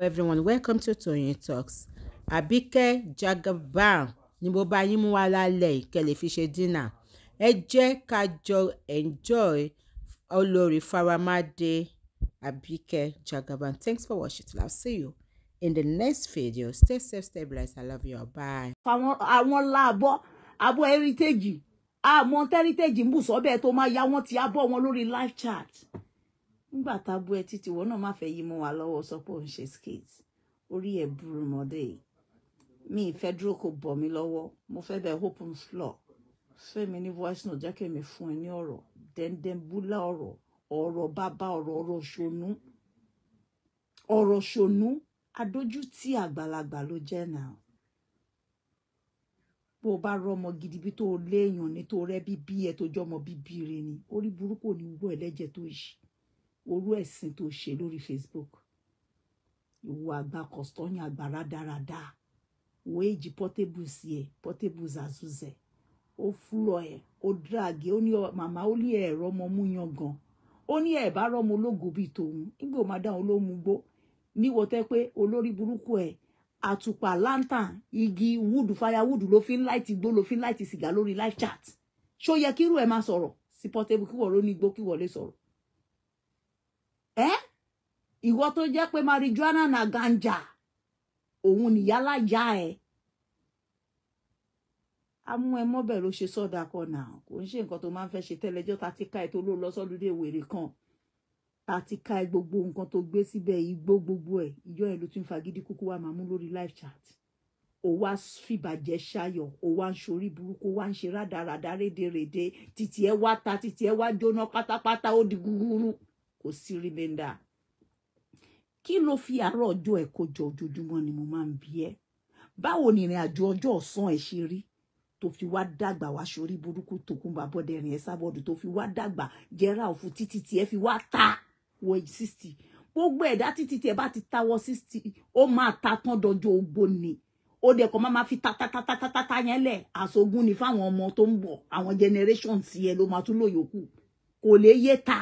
everyone welcome to Toyeen Talks Abike Jagaban ni mo bá yín mú wá lálẹ́ ìkẹ́ fi ṣe dínà ẹ jẹ́ ká jọ enjoy olórí Faramade Abike Jagaban thanks for watching I'll see you in the next video stay safe stay blessed I love you all bye. àwọn àwọn láàbọ̀ àbọ̀ heritage àmọ́ heritage ń bù sọ́bẹ̀ tó máa yá wọ́n ti abọ́ wọn lórí live chat nígbà tá a bú ẹ títí wọn náà má fẹ́ yí mọ́ wa lọ́wọ́ sọ pé ṣe skate orí ẹ̀ burú mọ́dé mi ìfẹ́ dúró kò bọ̀ mí lọ́wọ́ mo fẹ́ bẹ open floor fẹ́mi ní voice note jẹ́ kí mi fún ẹ ní ọ̀rọ̀ dẹ́ndẹ́n búlá ọ̀rọ̀ ọ̀rọ̀ bàbá ọ̀rọ̀ ọ̀rọ̀ ṣonú ọ̀rọ̀ ṣonú adójútì àgbàlagbà ló jẹ́ náà bó o bá rọmọ gidi bí tó o léèyàn ní tó rẹ́ bíbí ẹ tó jọmọ bíbí rẹ ni orí burúkú ò ní wọ ẹlẹ́jẹ̀ tó yìí orú ẹ̀sìn tó ṣe lórí Facebook ìwọ àgbà kọ̀stọ́yìn àgbàrá dáradára wo èjì portables yẹ portables àzúzẹ ó fúlọ ẹ ó dráàgì ó ní màmá ó ní ẹ̀rọ ọmọ mú yan gan ó ní ẹ̀bá rọmọ ológo bíi tòun nígbà ó máa dá òun ló mú gbó níwọ tẹ pé olórí burúkú ẹ àtùpà lantern igi wood firewood ló fi ń láìtì gbó ló fi ń láìtì sìgá lórí live chat ṣó yẹ kírú ẹ máa sọ̀rọ̀ sí portable kíwọ ló ní gbó kíwọ lè sọ̀rọ̀ ìwọ tó jẹ́ pé marijuana na ganja òun nìyálà já ẹ amú ẹ mọ́bẹ̀ ló ṣe sọ́dà kan náà kò ń ṣe nǹkan tó máa ń fẹ́ ṣe tẹ́lẹ̀jọ́ ta ti ka ẹ tó ló lọ sọ́dúndé wèrè kan ta ti ka ẹ gbogbo nǹkan tó gbé síbẹ̀ igbó gbogbo ẹ̀ ìjọ ẹ̀ ló tún fagídí kúkú wa máa lórí live chat ó wá fìbàjẹ́ ṣayọ̀ ó wá ń ṣorí burúkú ó wá ń ṣe rádaràdá rédeèrèdè títí ẹ wá ta títí ẹ wá jóná pátápátá ó di gúgúrú kò sí rí mẹ́ńdà kí ló fi àárọ̀ ọjọ́ ẹ̀ kó jọ ojoojúmọ́ ni mo máa ń bi ẹ́ báwo ni ìrìn àjò ọjọ́ ọ̀sán ẹ̀ ṣe rí tó fi wá dàgbà wá sórí burúkú tòkunbà bọ́dẹ̀rìn ẹ̀ sábọ́dù tó fi wá dàgbà jẹ́ra òfu títí tí ẹ fi wá ta wọ sixty gbogbo ẹ̀dá títí tí ẹ bá ti táwọ́ sixty ó máa ta tán dọjọ́ ogbó ni ó dẹ̀ kọ́ máa fi tatatatata yẹn lẹ̀ àṣogún ni fáwọn ọmọ tó ń bọ̀ àwọn generations yẹn ló máa tún lòyòkù kò lè yé ta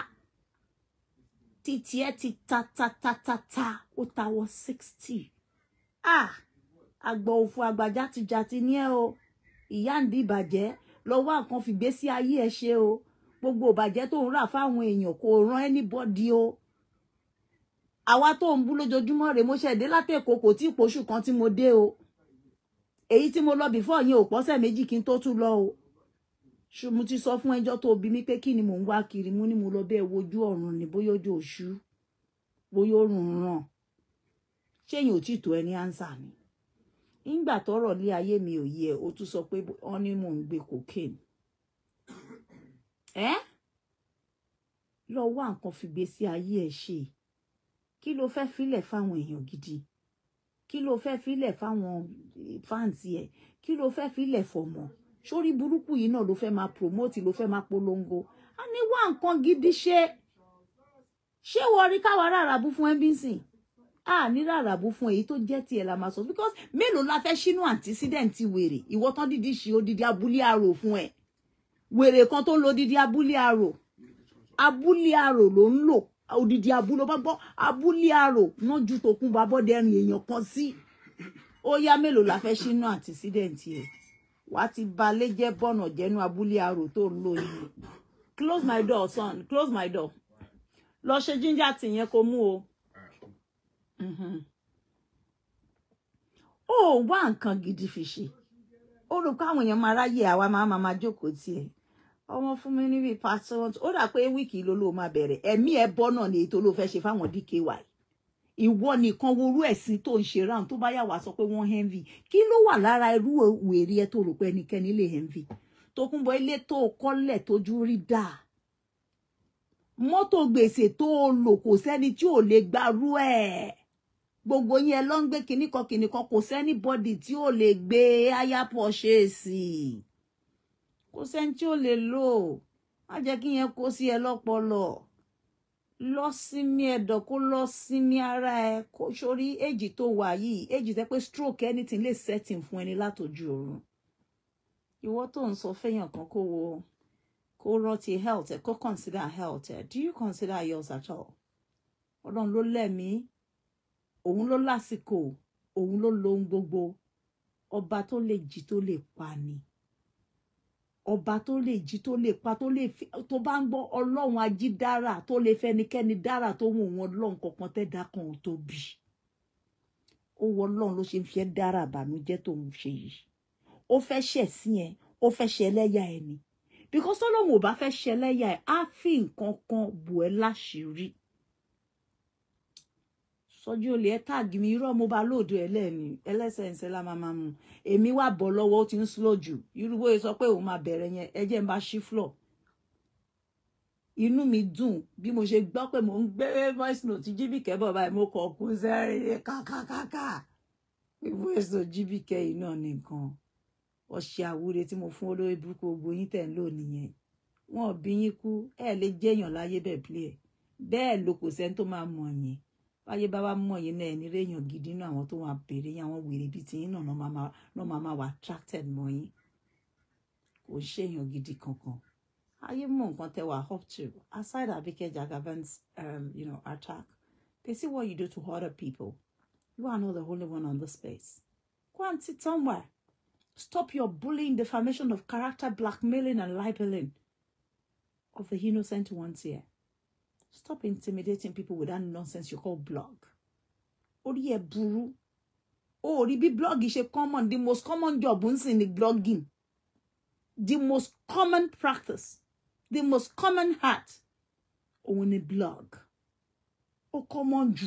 títí ẹ ti ta ta ta ta ta ó ta wọ sixty ah àgbọ̀ òfu àgbàjá ti jà ti ní ẹ o ìyá ń di ìbàjẹ́ lọ́wọ́ àkan fìgbésí ayé ẹ ṣe o gbogbo ìbàjẹ́ to ń rà fáwọn èèyàn kò ràn anybody o àwa tó ń bú lójoojúmọ́ mo ṣẹ̀dé de kò tí ì pòṣù kan tí mo dé o èyí tí mo lọ bìfọ́ yẹn ò pọ́sẹ̀ méjì kí n tó tún lọ o mo ti sọ fún ẹjọ́ tó bi mí pé kí ni mò ń wá kiri mo ní mo lọ bẹ́ẹ̀ wojú ọ̀run ni bóyá ojú òṣù bóyá òrùn ràn ṣéyìn ò ẹni ánsà ni ńgbà tọ́rọ̀ lé ayé mi ò yẹ o tún sọ pé wọ́n ní mò ń gbé cocaine ẹ lọ wá nǹkan fìgbé sí ayé ẹ ṣe kí ló fẹ́ filẹ̀ fáwọn èèyàn gidi kí ló fẹ́ filẹ̀ fáwọn fáǹsì ẹ kí ló fẹ́ filẹ̀ fọmọ sórí burúkú yìí náà ló fẹ́ máa promote ló fẹ́ máa polongo a ní wá nǹkan gidi ṣe ṣé wọ́n rí káwa ráràbù fún nbc a ní ráràbù fún èyí tó jẹ́ tiẹ̀ la máa sọ because mélòó la fẹ́ sínú antecedent wèrè ìwọ tán dídí ṣe odidi abúlé arò fún ẹ wèrè kan tó ń lo odidi abúlé arò abúlé arò ló ń lò odidi abúlé bá bọ́ abúlé arò wọ́n ju tòkun bá èèyàn kan sí ó yá mélòó la fẹ́ sínú antecedent yẹn wàá ti balẹ̀ jẹ́ bọ̀nà jẹ́nu abúlé arò tó ń lò yìí close my door son close my door lọ ṣe jíńjà tì yẹn kó mú o mm-hmm. ó wá nǹkan gidi fi ṣe ó rò pé àwọn èèyàn máa ráyè àwa máa máa máa jókòó tiẹ̀ ọmọ fún mi níbi pàṣẹ ó dà pé wíìkì ló ló máa bẹ̀rẹ̀ ẹ̀mí ẹ̀ bọ́ náà ni ètò ló fẹ́ ṣe fáwọn DKY ìwọ nìkan worú ẹ̀sìn tó ń ṣe ráhùn tó bá yà wá sọ pé wọ́n envy kí ló wà lára irú wèrè ẹ tó rò pé ẹnikẹ́ni lè envy Tókunbọ̀ ilé tó kọ́lẹ̀ tójú rí dáa mọ́tò gbèsè tó o lò kò sẹ́ni tí ò lè gbarú ẹ̀ gbogbo yẹn ló ń gbé kinní kan kò sẹ́ni bọ́dì tí ò lè gbé aya pọ̀ṣẹ́ sí kò sẹ́ni tí ò lè lò má jẹ́ kí yẹn kó sí ẹ lọ́pọlọ lọ sinmi ẹ̀dọ̀ kó lọ sinmi ara ẹ kó sórí èjì tó wà yìí èjì tẹ́ pé stroke anything lè setting fún ẹni látòjú oorun ìwọ tó ń sọ fẹ́yàn kan kó wo kó rántí health ẹ kó consider health ẹ do you consider yours at all ọlọ́run ló lẹ́mìí òun ló lásìkò òun ló lo ohun gbogbo ọba tó lè jì tó lè pa ni ọba tó lè jí tó lè pa tó lè fi tó bá ń gbọ́ ọlọ́run ajídára tó lè fẹnikẹ́ni dára tó wù wọn ọlọ́run kankan tẹ́dá kan ò tóbi ó wọ ọlọ́run ló ṣe ń fi ẹ́ dára àbànújẹ́ tó ń ṣe yìí ó fẹ́ ṣẹ̀ sí ẹ ó fẹ́ ṣe ẹlẹ́yà ẹ ni bíkọ́sọ́lọ́run ò bá fẹ́ ṣe ẹlẹ́yà ẹ á fi nǹkan kan bù ẹ́ láṣìírí sọjí olè ẹ táàgì mi irọ́ mo bá lóòdù ẹ ẹlẹ́sẹ̀ ń sẹ́lá máa máa mu èmi wà bọ̀ lọ́wọ́ ó ti ń slow jù irú bóyá sọ pé òun máa bẹ̀rẹ̀ yẹn ẹ jẹ́ ń bá ṣí floor inú mi dùn bí mo ṣe gbọ́ pé mo ń gbé voice note jíbìkẹ́ bọ̀ báyìí mo kọ̀ kún sẹ́rìn kàkàkàkà voice note jíbìkẹ́ yìí náà nìkan ọ̀ṣẹ́ àwúre tí mo fún olórí burúkú gbogbo yín tẹ̀ ń lò nìyẹn wọn ò bí yín kú ẹ lè jẹ́yàn láyé bẹ́ẹ̀ bẹ́ẹ̀ ló sẹ́ni tó máa mọ̀ yín báyé bá wá mọ̀ yín náà ẹni réèyàn gidi náà àwọn tó máa bèrè yín àwọn wèrè bíi tiyín náà náà máa máa wà attracted mọ́ yín kò ń ṣèyàn gidi kankan ayé mọ̀ nǹkan tẹ́ wà up to aside Abike Jagaban's um, you know, attack they see what you do to other people you are not the only one on this space go and sit somewhere stop your bullying defamation of character blackmailing and libeling of the innocent ones here Stop intimidating people with that nonsense you call blog. Orí ẹ buru. Ó rí bí blog a common, the most common job ń sìn ni blogging. The most common practice, the most common hat òun ni blog. Ó common jù.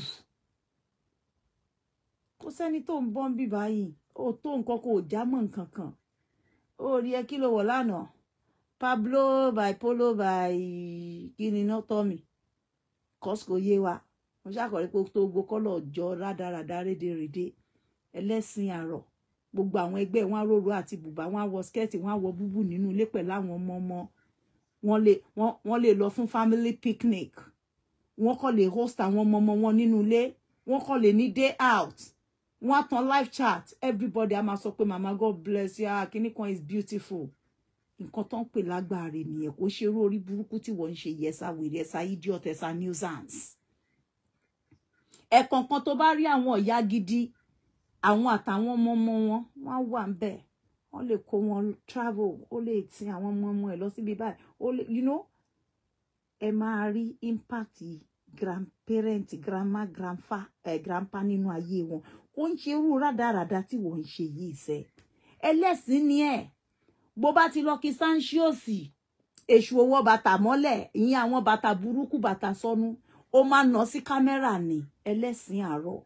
Kò sẹ́ni tó ń bọ́ ń bì báyìí. Ó tó nǹkan kò já mọ́ nǹkan kan. Ó rí Pablo by Polo by kí ni náà kọ́sìkò yé wa mo ṣàkọrí pé tó gbogbo kọ́lọ̀ jọ rádaràda rédeèrèdè ẹlẹ́sìn àrọ̀ gbogbo àwọn ẹgbẹ́ wọn róró àti bùbá wọn wọ skẹ́ẹ̀tì wọn wọ búbù nínú ilé pẹ̀lú àwọn ọmọ ọmọ wọn lè lọ fún family picnic wọn kọ́ lè host àwọn ọmọ ọmọ wọn nínú ilé wọn kọ́ lè ní day out wọn á tan live chat everybody a máa sọ pé mama god bless you ah kinní kan is beautiful nǹkan tó ń pè lágbára nìyẹn kò ṣerú orí burúkú tí wọ́n ń ṣe yẹsa wèrè ẹsa idiot ẹsa nuisance ẹ̀kọ̀ọ̀kan tó bá rí àwọn ìyá gidi àwọn àtàwọn ọmọ ọmọ wọn wọ́n wà ń bẹ̀ wọ́n lè kó wọn travel ó lè tin àwọn ọmọ ọmọ ẹ̀ lọ síbi báyìí you know ẹ máa rí impact grandparent grandma grandfa eh, grandpa nínú ayé wọn kò ń ṣerú rádaràda tí wọ́n ń ṣe yìí sẹ́ ẹlẹ́sìn ni ẹ̀. E bó bá ti lọ kí sanṣíòsì èṣù owó bàtà bata ìyẹn àwọn bàtà burúkú bàtà sọnù ó máa ń nà sí kámẹ́rà ni ẹlẹ́sìn àárọ̀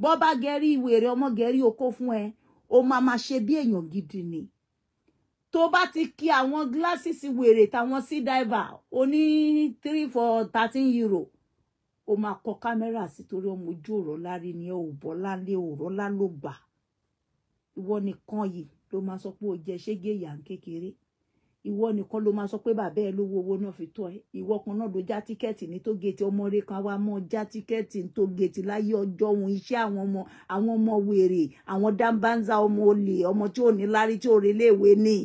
bó bá gẹrí ìwèrè ọmọ gẹrí okó fún ẹ ó máa máa ṣe bí èèyàn gidi ni tó bá ti kí àwọn gíláṣìsì wèrè táwọn sí dáìbà ó ní three for thirteen euro ó máa kọ kámẹ́rà sí torí ọmọ ojú ọ̀rọ̀ lárí ni ẹ ò bọ́ lálé ọ̀rọ̀ iwo ni nìkan yìí Lo máa sọ pé o jẹ ṣégé ìyà ń kékeré ìwọ nìkan ló máa sọ pé bàbá ẹ lówó owó náà fi tọ́ ẹ ìwọ kan náà ló já tíkẹ́ẹ̀tì ní tó géètì ọmọre kan wá mọ́ já tíkẹ́ẹ̀tì ní tó géètì láyé ọjọ́ òun iṣẹ́ àwọn ọmọ àwọn ọmọ wèrè àwọn dáńbáńzá ọmọ olè ọmọ tí ò ní lárí tí ò ni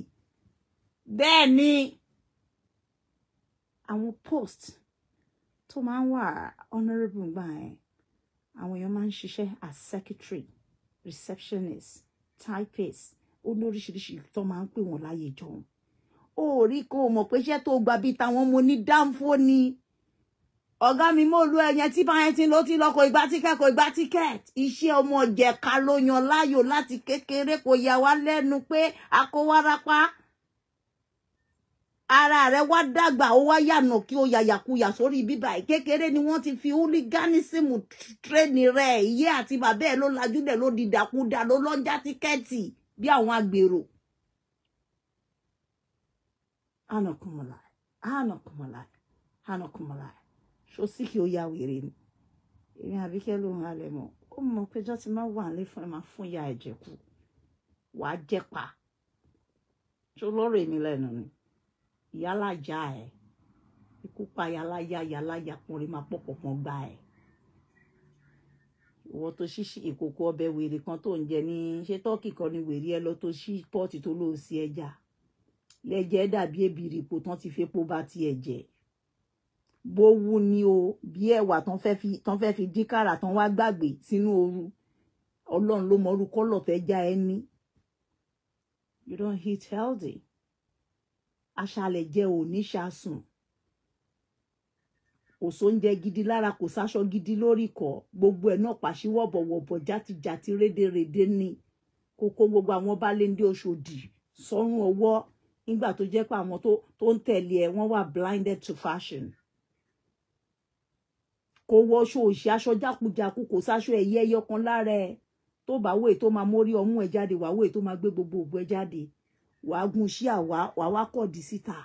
bẹ́ẹ̀ ni àwọn post tó máa ń wà honourable gbà yẹn àwọn èèyàn as secretary receptionist typist ó lóríṣiríṣi tó máa ń pè wọ́n láyé jọ̀hún ó rí kó o mọ̀ pé iṣẹ́ tó gbà bíi táwọn mo ní dáńfó ni ọ̀gá mi mo lu ẹ̀yẹn tí báyẹn ti lọ ti lọ́kọ̀ ìgbà tíkẹ́ẹ̀tì kò ìgbà tíkẹ́ẹ̀tì iṣẹ́ ọmọ jẹ̀ka ló yan láàyò láti kékeré kò yà wá lẹ́nu pé akówárapá ara rẹ̀ wá dàgbà ó wá yànà kí ó yàyàkuyà sórí bíbà kékeré ni wọ́n ti fi hooliganism tréni rẹ̀ ìyé àti bàbá ẹ̀ ló lajúlẹ̀ ló dìdàkudà ló lọ́jà tíkẹ́ẹ̀tì bí àwọn agbèrò anakumala anakumala anakumala sọsí kí ó ya wèrè ni èmi àbíkẹ́ ló ń halẹ̀ mọ́ ó mọ̀ péjọ́ ti máa wà nílé fún ẹ máa fún ìyá ẹ̀jẹ̀ kù wàá jẹ́ pa tó lọ́rọ̀ èmi lẹ́nu ni ìyálàjà ẹ̀ ikú pa yàláyà yàláyà pọ̀nrin máa pọ̀pọ̀ pọ̀n gbà ẹ̀ ìwọ tó ṣí ìkòkò ọbẹ̀ wèrè kan tó ń jẹ ní ṣé tọ́kì kan ní wèrè ẹ lọ tó ṣí pọ́ọ̀tì tó lóò sí ẹja lẹ́jẹ̀ dàbí èbìrì ipò tán ti fepo bá ti ẹ̀jẹ̀ bó wú ni o bí ẹ̀wà tán fẹ́ fi díkàrà tán wá gbàgbé sínú ooru ọlọ́run ló mọ orúkọ lọ́tẹ̀ já ẹ ní you don't hit healthy aṣálẹ̀ jẹ́ oníṣàsùn kò sóúnjẹ gidi lára kò sáṣọ gidi lórí kọ gbogbo ẹ̀ náà pàṣíwọ̀bọ̀wọ̀bọ̀ játijàti rédèrèdè ni kókó gbogbo àwọn bá lé ní Ọ̀ṣọ́dì sọ́run ọwọ́ nígbà tó jẹ́ pé àwọn tó ń tẹ̀lé ẹ̀ wọ́n wà blinded to fashion kò wọṣọ òṣì aṣọ jákujàku kò sáṣọ ẹ̀yẹ ẹyọ kan lára ẹ̀ tó bá wòye tó máa mórí ọmú ẹ̀ jáde wàá wòye tó máa gbé gbogbo òbú ẹ̀ jáde wàá gun sí àwa wàá wá kọ̀dí síta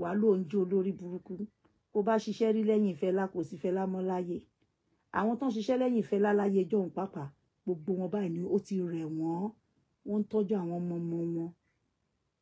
wàá lóun jó olórí burúkú bó bá ṣiṣẹ́ rí lẹ́yìn Fẹlá kò sí Fẹlá mọ́ láyé àwọn tó ń ṣiṣẹ́ lẹ́yìn Fẹlá láyé jọ̀hún pàápàá gbogbo wọn báyìí ni o ti re wọ́n wọ́n tojo tọ́jú àwọn ọmọ ọmọ wọn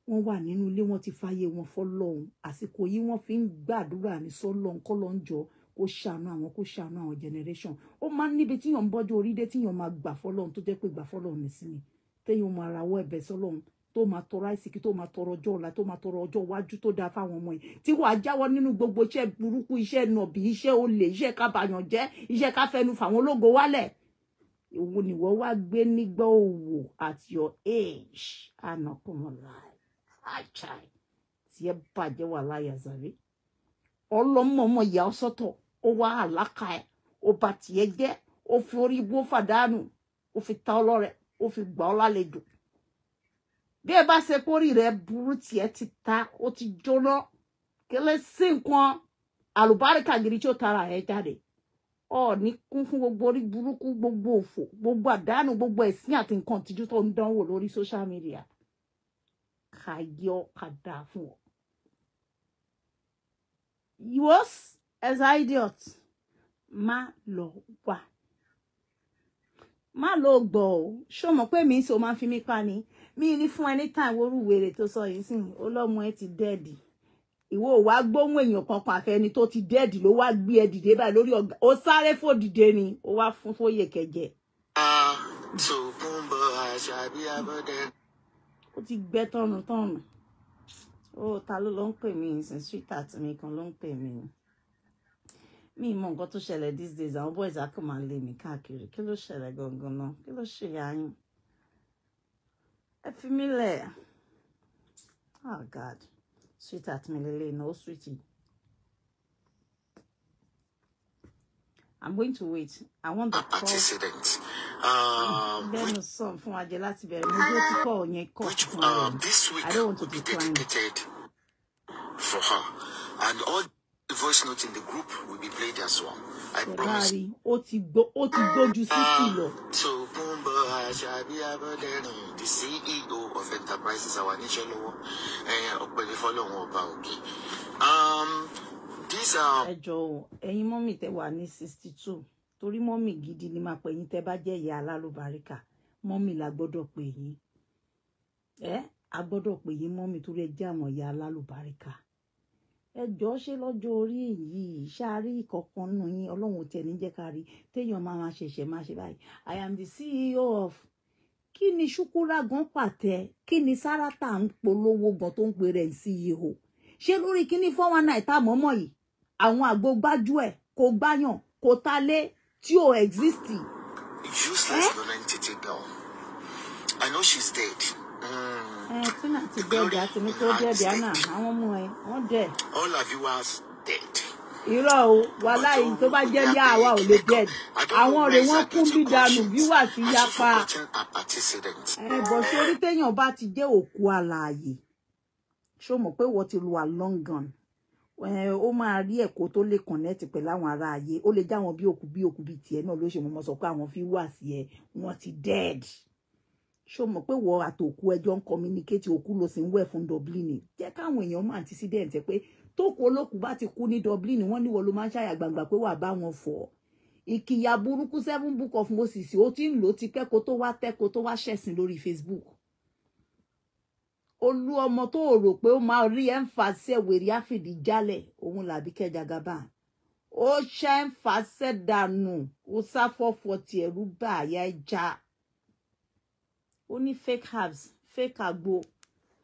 wọ́n wà nínú ilé wọ́n ti fàyè wọn fọlọ́hún àsìkò yìí wọ́n fi ń gbàdúrà ní sọ́lọ́hún kọ́lọ́hún jọ kó ṣàánú àwọn kó ṣàánú àwọn generation o máa ń níbi tíyàn ń ori orí dé tíyàn máa gbà fọlọ́hún tó jẹ́ pé gbà fọlọ́hún nìsín ni téèyàn máa rawọ́ ẹ̀bẹ̀ sọ́lọ́hún tó máa tọrọ àìsíkí tó máa tọrọ ọjọ́ ọ̀la tó máa tọrọ ọjọ́ iwájú tó dáa fáwọn ọmọ yìí tí wàá jáwọ́ nínú gbogbo iṣẹ́ burúkú iṣẹ́ nọ̀bì iṣẹ́ olè iṣẹ́ kábàyàn jẹ́ iṣẹ́ káfẹ́nu fàwọn ológo wálẹ̀ èwo ni wọ́n wá gbé nígbà òwò at your age anakunmọ̀lá ah, àchàì tí ẹ bàjẹ́ wà láyà zàrí ọlọ́mọọmọ ìyá ọsọ́tọ̀ ó wá àlákà ẹ̀ ó bà tiẹ̀ jẹ́ ó fi orí igbó fàdánù ó fi ta ọlọ́rẹ̀ ó fi gbà ọ́ lálejò bí ẹ bá ṣe pórí rẹ burú tiẹ̀ ti ta ó ti jóná kẹlẹ sí nǹkan àlùbáríkà gidi tí ó tara ẹ jáde ọ ní kún fún gbogbo orí burúkú gbogbo òfò gbogbo àdánù gbogbo ẹ̀sìn àti nǹkan tìjú tó ń dánwò lórí social media kà yọ kà dà fún ọ. ìwọ́s as idiot má lọ wà má lọ gbọ́ ò ṣó mọ̀ pé mi so máa fi mí pa ni mi ní fún ẹni táì worú wèrè tó sọ yìí sìn ọlọ́mọ ẹ ti dẹ́ẹ̀dì ìwọ ò wá gbóhùn èèyàn kan pàfẹ ẹni tó ti dẹ́ẹ̀dì ló wá gbé ẹ dìde báyìí lórí ọ̀gá ó sáré fò dìde ni ó wá fún fóyè kẹjẹ. ó ti gbẹ tọrùn tọrùn ó ta ló ló ń pè mí ìsìn sweet àtìmí kan ló ń pè mi mọ nǹkan tó ṣẹlẹ̀ these days àwọn boys á kàn máa lé mi káàkiri kí ló ṣẹlẹ̀ gangan náà kí ló ṣe yáyún ẹ fi mí lẹ̀ oh god sweet at mi lélẹ̀ iná ó sweet yìí i'm going to wait i want the call hmm, um, bẹ́ẹ̀ ni sàn fún ajé láti bẹ̀rẹ̀ mo dúró tí kò yẹn kọ̀ fún ọ um, i don't want to be climbing. for her and all voice note in the group will be played as well. I promise. Ó ti gbó ó ti gbójú sísì lọ. Tokunbo ah, Aṣabi Aboderin, the CEO of Enterprises Àwa Níṣẹ́ Lọ́wọ́, ọ̀pẹ̀lẹ̀ fọ́lọ́hún ọba òkè. Um, ẹ jọ̀ọ́ ẹ̀yin mọ́mì tẹ́ wà ní sixty two torí mommy gidi ni máa pẹ̀yìn tẹ́ je ya ìyá alálùbáríkà Mommy la gbọ́dọ̀ pè yín ẹ́ a gbọ́dọ̀ pè yín mọ́mì torí ẹ jẹ́ àwọn ìyá alálùbáríkà ẹjọ́ ṣe lọ́jọ́ orí yìí ṣáárí ìkọ̀kan nù yín ọlọ́run tẹ̀ ní jẹ́ ká téèyàn máa máa ṣẹ̀ṣẹ̀ máa ṣe báyìí i am the ceo of kí ni ṣukura gan pàtẹ kí ni sáràtà ń polówó gan tó ń pè rẹ̀ ceo ṣé lórí kíní four one nine tá mọ́mọ́ yìí àwọn àgbo gbájú ẹ̀ kò gbáyàn kò talé tí ò exist. useless eh? non-entity girl i know she's dead. Eh, all of you are dead. irọ́ o wàláì tó bá jẹ́ bí àwa ò lè dẹ́ẹ̀dì àwọn ọ̀rẹ́ wọn kún bí dànù wíwà sí yapa. ẹ eh, bọ̀ sórí téèyàn bá ti jẹ́ òkú alààyè ṣó mọ̀ pé wọ́n ti lu along gun eh, ó máa rí ẹ̀kọ́ tó lè connect pẹ̀lú àwọn ará ayé ó lè já wọn bí òkú bí òkú bí tiẹ̀ náà ló ṣe mọ́ sọ pé àwọn fi wà sí ẹ wọ́n ti dead ṣó mọ̀ pé wọ àtòkù ẹjọ́ ń communicate òkú ló sì ń wẹ̀ fún Dublin jẹ́ káwọn èèyàn mọ̀ antecedent pé tó kú olókùú bá ti kú ní Dublin wọ́n níwọ̀ ló máa ń ṣàyà gbangba pé wà bá wọn fọ̀ ìkìyà burúkú seven book of Moses ó ti ń lò ó ti pẹ́ tó wá tẹ́ tó wá ṣẹ̀sìn lórí Facebook olú ọmọ tó rò pé ó máa rí ẹnfàṣẹ wèrè àfìdí jálẹ̀ òun làbí kẹjàgàbà ó ṣe ẹnfàṣẹ dànù ó sáfọfọ tiẹrú bá àyà ẹja ó ní fake herbs fake àgbo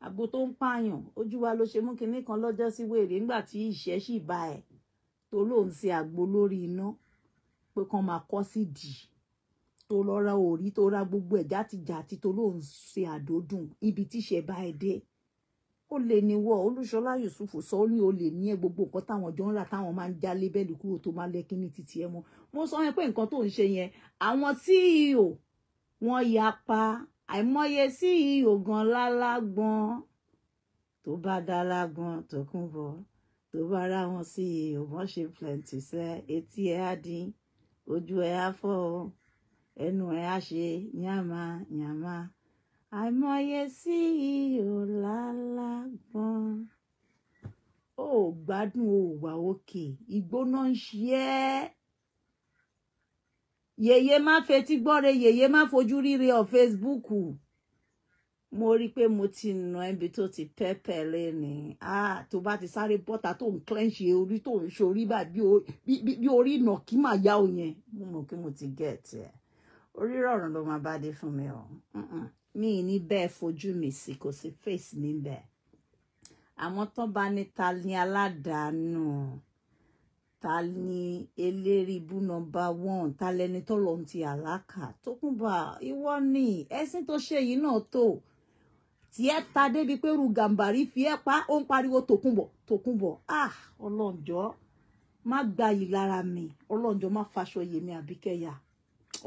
àgbo tó ń pààyàn ojú wa ló ṣe mú kinní kan lọ́jọ́ sí wèrè nígbà tí ìṣẹ́ sì bá ẹ̀ tó lóun ṣe àgbo lórí iná pé kàn máa kọ́ sí dì tó lọ ra òrí tó ra gbogbo ẹ̀ játijàti tó lóun ṣe àdódùn ibi tíṣẹ́ bá ẹ dé ó lè ní wọ olúṣọlá yusuf sọ ó ní o lè ní ẹ gbogbo nǹkan táwọn jọ ń rà táwọn máa ń já lébẹ́lì kúrò tó máa lẹ́kí ní títì ẹ mọ́ mo sọ yẹn pé nǹkan tó ń ṣe yẹn àwọn CEO wọ́n yapa àìmọye sí ògàn lálágbọn tó bá dá lágbọn tó kún bọ tó bá rá wọn sí ògbọn ṣe plenty sẹ etí ẹ á dín ojú ẹ á fọ ẹnu ẹ á ṣe yàmá yàmá àìmọye sí ihò lálágbọn ó gbádùn ó wà òkè ìgbóná ń ṣe ẹ́ yèyé má fetí gbọ́re yèyé má fojú ríre ọ̀ Facebook mo rí i pé mo ti nà ẹbi tó ti pẹ́pẹ́ lẹ́ni ah tó bá ti sáré bọ́ta tó ń clench orí tó ń ṣorí báyìí bí orí ìnà kí mà yá o yẹn mo mọ̀ kí mo ti get ẹ̀ orí rọ̀rùn ló máa bá dé fún mi o mi ní bẹ́ẹ̀ fojú mi sí kò sí face mi bẹ́ẹ̀ àmọ́ tán bá ní ta ni aládàánú. No ta ni eléríbú nọmba one ta lẹni tó lọ ti àlákà Tókunbọ̀ ìwọ ni ẹ̀sìn tó ṣe yìí náà tó tí ẹ ta débi pé ru gàǹbàrí fi ẹ pa ó ń pariwo Tókunbọ̀ Tókunbọ̀ ah ọlọ́njọ́ má gba yìí lára mi ọlọ́njọ́ má faṣọ yèmi àbíkẹ́yà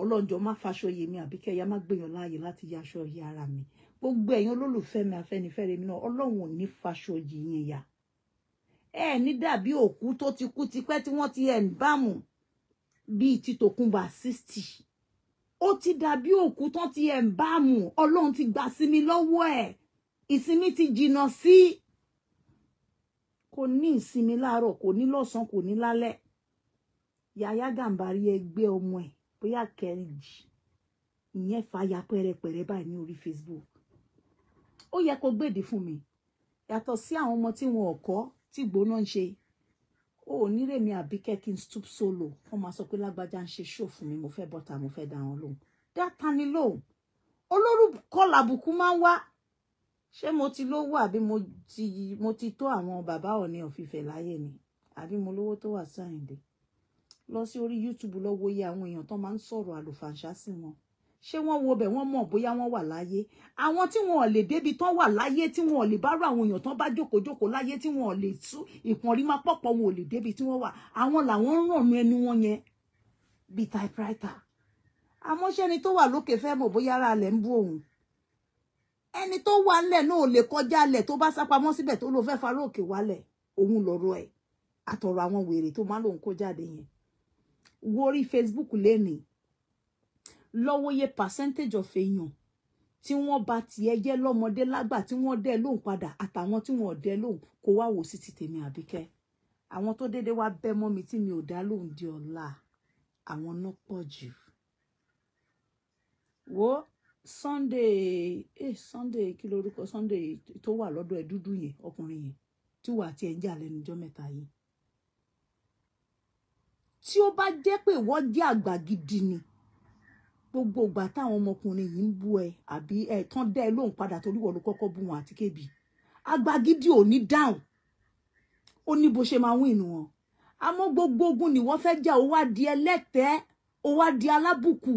ọlọ́njọ́ má faṣọ yèmi àbíkẹ́yà má gbèyàn láàyè láti yaṣọ yìí ara mi gbogbo ẹ̀yin olólùfẹ́ mi afẹ́nifẹ́re mi náà ọlọ́run ò ní faṣọ yìí yẹn yà ẹ ní dàbí òkú tó ti kú tipẹ́ tí wọ́n ti ẹn bámù bíi ti Tòkunbọ̀ sixty ó ti dàbí òkú tán ti ẹn bámù Ọlọ́run ti gbà sí mi lọ́wọ́ ẹ̀ ìsinmi ti jìnnà sí kò ní ìsinmi láàárọ̀ kò ní lọ́sàn kò ní lálẹ́ Yàyà Gàmbàrí ẹgbẹ́ ọmọ ẹ̀ bóyá kẹrìnjì ìyẹn fàyà pẹrẹpẹrẹ báyìí ní orí Facebook ó yẹ kó gbèdé fún mi yàtọ̀ sí àwọn ọmọ tí wọn ò kọ́ tí gbóná ń ṣe ó ò ní rèmi àbí stoop solo wọ́n máa sọ pé lágbájá ń ṣe ṣó fún mi mo fẹ́ bọ́ta mo fẹ́ dá wọn lóhùn dáta ni lóhùn olórúkọ làbùkù máa ń wá ṣé mo ti lówó àbí mo ti tó àwọn bàbá Ọọ̀ni of Ife láyé ni àbí mo lówó tó wà sáyìndé lọ sí orí YouTube lọ wo iye àwọn èèyàn tó máa ń sọ̀rọ̀ àlùfàǹṣá sí wọn ṣé wọ́n wo bẹ̀ wọ́n mọ̀ bóyá wọ́n wà láyé àwọn tí wọ́n lè débi tán wà láyé tí wọ́n lè bá rú àwọn èèyàn tán bá jókòójókòó láyé tí wọ́n lè tú ìpọ̀nrí máa pọ̀pọ̀ wọn ò lè débi tí wọ́n wà àwọn làwọn ń rànú ẹnu wọn yẹn bíi typewriter àmọ́ ṣẹ́ni tó wà lókè fẹ́ mọ̀ bóyá ara rẹ̀ ń bú òun ẹni tó wà ńlẹ̀ náà ò lè kọjá lẹ̀ tó bá sápamọ́ síbẹ̀ tó lọ fẹ́ farọ́ òkè wálẹ̀ òun lọ́rọ̀ ẹ̀ àtọ̀rọ̀ àwọn wèrè tó máa lòun kó jáde yẹn wo Facebook lénìí lọ́wọ́ yẹ percentage of èèyàn tí wọ́n bá tiẹ̀ jẹ́ lọ́mọdé lágbà tí wọ́n dẹ́ lóhùn padà àtàwọn tí wọ́n dẹ́ lóhùn kó wá wò sí ti tèmi àbíkẹ́ àwọn tó déédéé wá bẹ́ mọ́ mi tí mi ò dá lóhùn di ọ̀la àwọn náà pọ̀ jù wo Sunday eh Sunday kí lorúkọ Sunday tó wà lọ́dọ̀ ẹ dúdú yẹn ọkùnrin yẹn tí wà á tiẹ̀ ń jà lẹ́nu ọjọ́ mẹ́ta yìí tí ó bá jẹ́ pé ìwọ jẹ́ àgbà gidi ni gbogbo ìgbà táwọn ọmọkùnrin yìí ń bú ẹ àbí ẹ tán dẹ́ ẹ lóhùn padà torí wọ́n ló kọ́kọ́ bú wọn àti kébì agbagídí ò ní dáhùn ó ní bó ṣe máa wí ìnù wọn àmọ́ gbogbo ogun ni wọ́n fẹ́ jà ó wá di alábùkù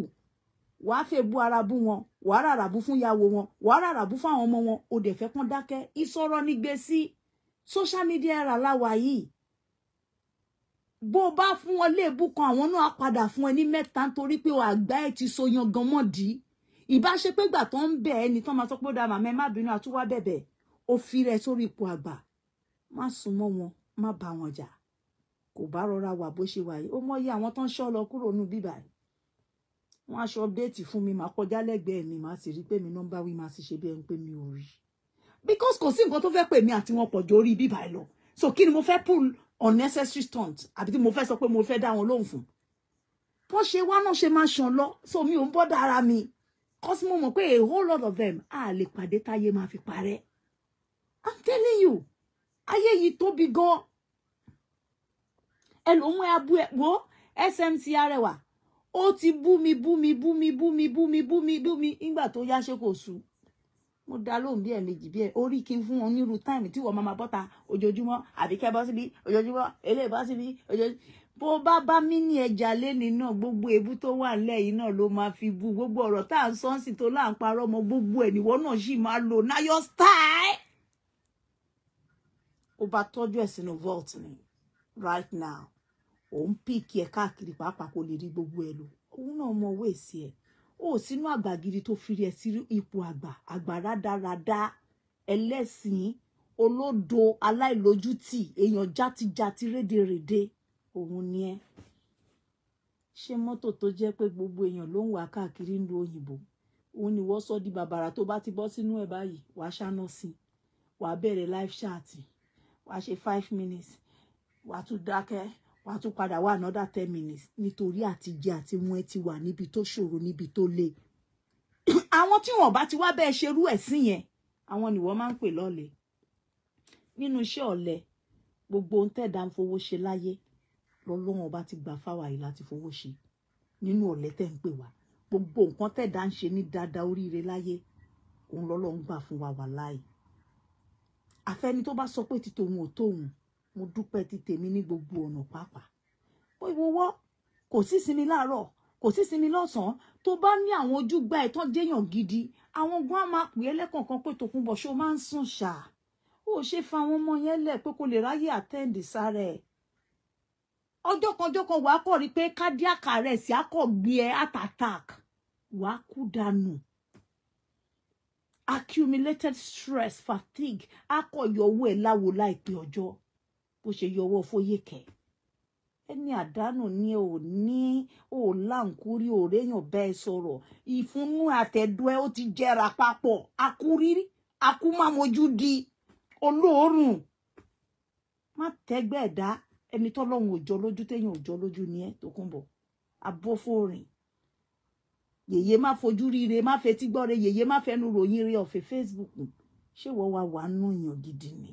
wàá fẹ́ bú ara bú wọn wàá rárá bú fún ìyàwó wọn wàá rárá bú fún àwọn ọmọ wọn ó dẹ̀ fẹ́ kán dákẹ́ ìsọ̀rọ̀ ní gbé sí social media era láwa yìí bó o bá fún wọn léèbù kan àwọn náà á padà fún ẹ ní mẹ́ta nítorí pé àgbá ẹ ti so yan gan mọ́dì ìbá ṣe pé gbà tó ń bẹ̀ ẹni tó máa sọ pé ó dáa màmá ẹ má bínú àtúwá bẹ̀bẹ̀ ó fi rẹ sórí ipò àgbà má sùn mọ́ wọn má bá wọn jà kò bá rọra wà bó ṣe wà yìí ó mọyì àwọn tó ń ṣọ́ lọ kúrò nù bíbà yìí wọ́n aṣọ update fún mi màá kọjá lẹ́gbẹ̀ẹ́ mi màá sì rí pé mi nọ́mbà wí màá sì ṣe bí ẹni pé mi ò rí because kò sí nǹkan tó fẹ́ pè mí àti wọn pọ̀ jórí bíbà yìí lọ so kí ni mo fẹ́ pull unnecessary stunt àbí tí mo fẹ́ sọ pé mo fẹ́ dá wọn lóhùn fún bó ṣe wá náà ṣe máa ṣàn lọ so mi ò ń bọ́ dára mi cause mo mọ̀ pé a whole lot of them a lè pàdé táyé máa fi parẹ́ i'm telling you ayé yìí tóbi gan ẹlòmíín abú ẹ wo smc arẹwà ó ti bú mi bú mi bú mi bú mi bú mi bú mi bú mi nígbà tó yá ṣe kò sùn mo dá lóhùn bí ẹ méjì bí ẹ orí kí n fún wọn nírú táìmù tí wọn máa bọ́ta ojoojúmọ́ àbíkẹ́ bọ́ síbi ojoojúmọ́ eléyìí bọ́ síbi ojoojúmọ́ bó bá bá mí ní ẹja lẹ́ni náà gbogbo èébú tó wà nílẹ̀ náà ló máa fi bu gbogbo ọ̀rọ̀ tá à ń sọ́n sí tó láà ń gbogbo ẹ̀ nìwọ náà sì máa lò na your style. ó bá tọ́jú ẹ̀ sínú vault ni right now òun píìkì ẹ̀ káàkiri pàápàá kó lè rí gbogbo ẹ̀ lò òun náà mọ owó èsì ẹ̀ ó sínú àgbà gidi tó fi rẹ̀ sí ipò àgbà àgbà rádaràda ẹlẹ́sìn olódo jati èèyàn játijàti rédèrèdè òun ni ẹ ṣé mọ́tò tó jẹ́ pé gbogbo èèyàn ló ń wà káàkiri ìlú òyìnbó ni wọ́n sọ di bàbàrà tó bá ti bọ́ sínú ẹ̀ báyìí wàá ṣáná sí i wàá bẹ̀rẹ̀ live chat wàá ṣe five minutes wa tu dake wàá tún padà wá another ten minutes nítorí àtijẹ àti wọn ti wà níbi tó ṣòro níbi tó le àwọn tí wọn bá ti wá bẹ́ẹ̀ ṣerú ẹ̀ sí yẹn àwọn ni wọ́n máa ń pè lọ́lẹ̀ nínú iṣẹ́ ọ̀lẹ gbogbo ohun tẹ̀dá ń fowó ṣe láyé lọ́lọ́wọ́n ọba ti gbà fáwa yìí láti fowó ṣe nínú ọ̀lẹ tẹ̀ ń pè wá gbogbo nǹkan tẹ̀dá ń ṣe ní dáadáa oríire láyé òun lọ́lọ́run gbà fún wa wà láàyè àfẹ́ni tó bá sọ pé ti tòun ò tóun mo dúpẹ́ ti tèmi ní gbogbo ọ̀nà pàápàá bó ìwọ́wọ́ kò sí sinmi láàárọ̀ kò sí sinmi lọ́sàn-án tó bá ní àwọn ojúgbà ẹ̀ tán jẹ́yàn gidi àwọn ogun á máa pè é lẹ́kọ̀ọ̀kan pé Tòkunbọ̀ ṣó máa ń sùn ṣà ó ṣe fa àwọn ọmọ yẹn lẹ̀ pé kò lè ráyè àtẹ́ǹdì sára ẹ̀ ọjọ́ kan ọjọ́ kan wàá kọ̀ rí pé cardiac arrest á kọ̀ gbé ẹ heart attack wàá kú dànù accumulated stress fatigue á kọ̀ yọ owó ẹ̀ láwo láìpẹ́ ọjọ́ bó ṣe yọ owó Foyeke ẹni àdánù ni ò ní ò láǹkúrí ò réyàn bẹ́ẹ̀ sọ̀rọ̀ ìfúnnú àtẹ̀dọ́ ẹ ó ti jẹra papọ̀ akúrírí akúmámojú di olóòórùn má tẹ́gbẹ́ ẹ̀dá ẹni tọ́lọ́run òjọ́ lójú téèyàn òjọ́ lójú ni ẹ Tókunbọ̀ abófòrìn yèyé má fojú ríre má fetí gbọ́re yèyé má fẹnu ròyìn rí ọ̀fẹ́ Facebook ṣé wọ́n wá wà nù yàn gidi ni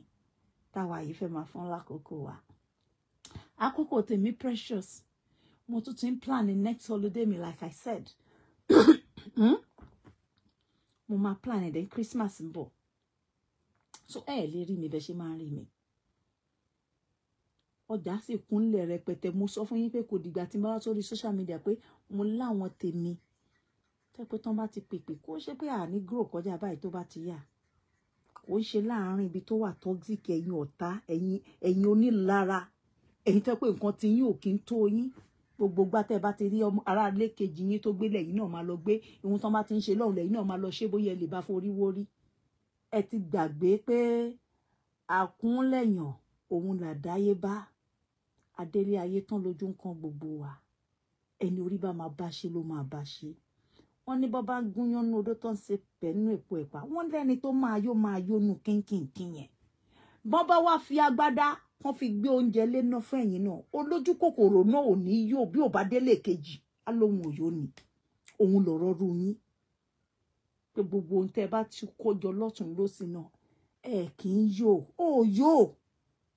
táwa yìí fẹ́ máa fún lákòókò wa te mi precious mo tún ti plan the next holiday mi like I said hmm? mo máa plan the Christmas bo. so ẹ ẹ̀ lè rí mi bẹ́ẹ̀ ṣe máa ń mi ọjà sì kúnlẹ̀ rẹpẹtẹ mo sọ fún yín pé kò dìgbà tí n bá sórí social media pé mo láwọn tèmi tẹ́ pé tán bá ti pèpè kó ṣe pé àní grow kọjá báyìí tó bá ti yà ó ń ṣe láàárín ibi tó wà toxic ẹ̀yin ọ̀tá ẹ̀yin ẹ̀yin onílara ẹ̀yin tẹ́ pé nǹkan ti yín ò kí ń tó yín gbogbo gbà tẹ́ bá ti rí ará ilé kejì yín tó gbé lẹ́yìn náà máa lọ gbé ohun tán bá ti ń ṣe lọ́hùn lẹ́yìn náà máa lọ ṣe bóyá ẹ forí wórí ẹ ti gbàgbé pé àkúnlẹ̀yàn òun làdáyébá adélé ayé tán lójú ń kan gbogbo wa ẹni orí bá máa bá ṣe ló máa bá ṣe wọ́n ní bọ́ bá ń gún yánnú odó tó ń ṣe pẹ̀lú èpo ẹ̀pà wọ́n lẹ́ni tó máa yó máa yónú kínkìnkín yẹn bọ́n bá wá fi agbádá kan fi gbé oúnjẹ lé náà fún ẹ̀yìn náà olójú kòkòrò náà ò ní yóò bí ò bá délé kejì á lóhun òyò ni òun lọ̀rọ̀ ru yín pé gbogbo ohun tẹ́ bá ti kójọ lọ́tún lọ́sìn náà ẹ kì í yó ó yó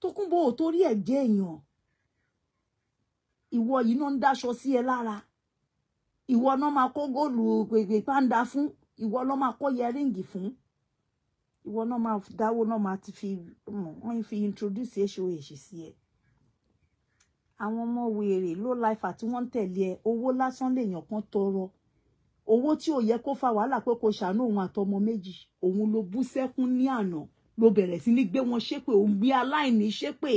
tó kún bó ò torí ẹ̀ jẹ́ èèyàn ìwọ yìí náà ń dáṣọ sí ẹ lára ìwọ náà máa kó góòlù gbègbè pàǹdà fún ìwọ náà máa kó yẹríǹgì fún ìwọ náà máa dáwó náà máa ti fi wọn fi introduce èso èsì sí ẹ àwọn ọmọ wèrè low life àti wọn ń tẹ̀lé ẹ owó lásán lèèyàn kan tọrọ owó tí ò yẹ kó fa wàhálà pé kò ṣàánú òun àtọmọ méjì òun ló bú sẹ́kún ní àná ló bẹ̀rẹ̀ sí ní gbé wọn ṣépè òun gbé aláìní ṣépè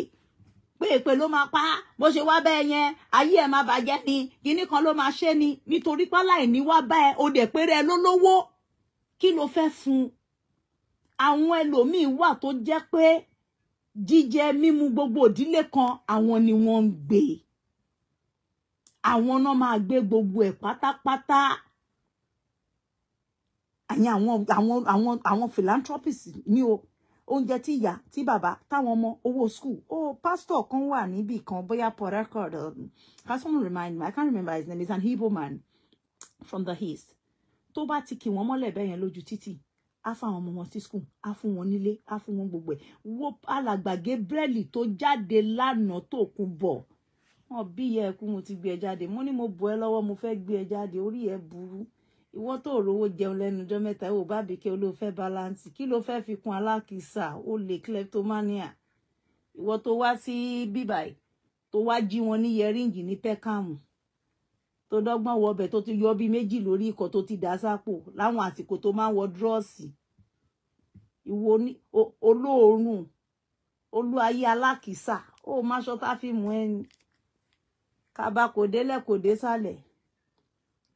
pé èpè ló máa pa bó ṣe wá bẹ́ẹ̀ yẹn ayé ẹ̀ máa bàjẹ́ ni kinní kan ló máa ṣe ni nítorí pálá ìní wá bá ẹ o dẹ̀ pé rẹ lólówó kí ló fẹ́ fún un àwọn ẹlòmíín wà tó jẹ́ pé jíjẹ mímu gbogbo ìdílé kan àwọn ni wọ́n ń gbé àwọn náà máa gbé gbogbo ẹ̀ pátápátá àyìn àwọn àwọn àwọn àwọn philanthropists ni o oúnjẹ tí ìyá tí bàbá táwọn ọmọ owó school ó oh, pastor, kan wà níbì kan bóyá pọ̀rẹ́kọ̀d um, can someone remind me I can't remember his name he's an Igbo man from the east tó bá ti kì wọ́n mọ́lẹ̀ bẹ́ẹ̀ yẹn lójú títì á fáwọn ọmọ wọn sí school á fún wọn nílé á fún wọn gbogbo ẹ̀ wo alàgbà Gabriel tó jáde lánàá tó kún bọ̀ wọn bí ẹ kú mo ti gbé ẹ jáde mo ní mo bọ́ ẹ lọ́wọ́ mo fẹ́ gbé ẹ jáde orí ẹ burú ìwọ tó rówó jẹun lẹ́nu ọjọ́ mẹ́ta ìwọ bá bìkẹ́ olóò fẹ́ balansi kí ló fẹ́ fi kún alákìsà ó lè kleptomania ìwọ tó wá sí bíbáyìí tó wá jí wọn ní yẹríǹgì ní pẹ́kàmù tó dọ́gbọ́n wọ ọbẹ̀ tó ti yọ bíi méjì lórí ikọ̀ tó ti dà sápò láwọn àsìkò tó máa ń wọ dírọ́ọ̀sì ìwọ ní olóòórùn olú ayé alákìsà ó má ṣọ́tá fíìmù ẹni kaba kò délẹ̀ kò désàlẹ̀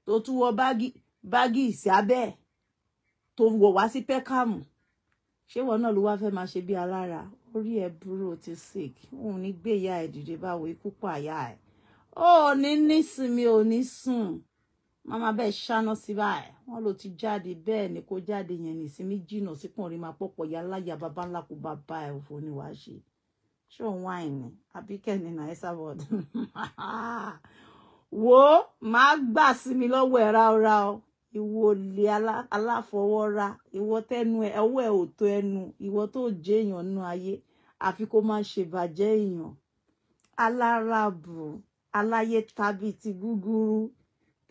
tó tún wọ báàgì báàgì ìsábẹ́ tó wọ̀ wá sí pẹ́kàmù ṣé wọn náà ló wá fẹ́ máa ṣe bí alára orí ẹ burú o ti sick òun ní gbé ìyá ẹ dìde báwo ikú pààyà ẹ ó ní nísinmi ò ní sùn màmá bẹ́ẹ̀ ṣáná sí báyìí wọ́n ló ti jáde bẹ́ẹ̀ ni kó jáde yẹn nísinmi jìnnà síkùnrin máa pọ̀pọ̀ ya láyà bàbá ńlá kó bá bá ẹ òfò ni wàá ṣe ṣé òun wáìn ni àbíkẹ́ ni nàá sábọ̀d wo màá gbà sí mi lọ́wọ́ ẹ̀ ráúráú ìwọ olè aláfọwọ́ra ìwọ tẹnu ẹ ọwọ́ ẹ ò tó ẹnu ìwọ tó jẹ́ èèyàn nú ayé àfi kó má ṣe bàjẹ́ èèyàn alárabù aláyé tàbí ti gúgúrú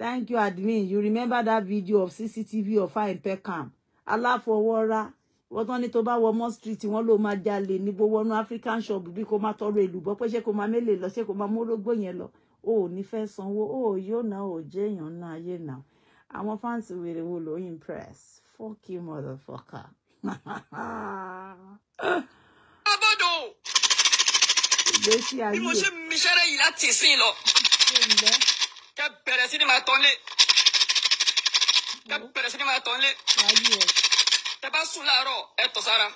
thank you admin you remember that video of cctv of impecam aláfọwọ́ra wọ́n tán ní tó bá wọ mọ́ street wọ́n ló máa jalè níbo wọnú african shop bí kò má tọrọ èlùbọ́ pé ṣé kò má mélèé lọ ṣé kò má mórógbó yẹn lọ o ò ní fẹ́ sanwó o ò yóò náà ò jẹ́ èèyàn náà ayé náà àwọn fáǹsì wèrè wo ló impress fuck you motherfucker. Abado. ìgbésí ayé bí mo ṣe miṣẹ́rẹ́ yìí láti ìsìn lọ kẹ bẹ̀rẹ̀ sí ni máa tán lé kẹ bẹ̀rẹ̀ sí ni máa tán lé tẹ bá sùn láàárọ̀ ẹ tọ̀ sára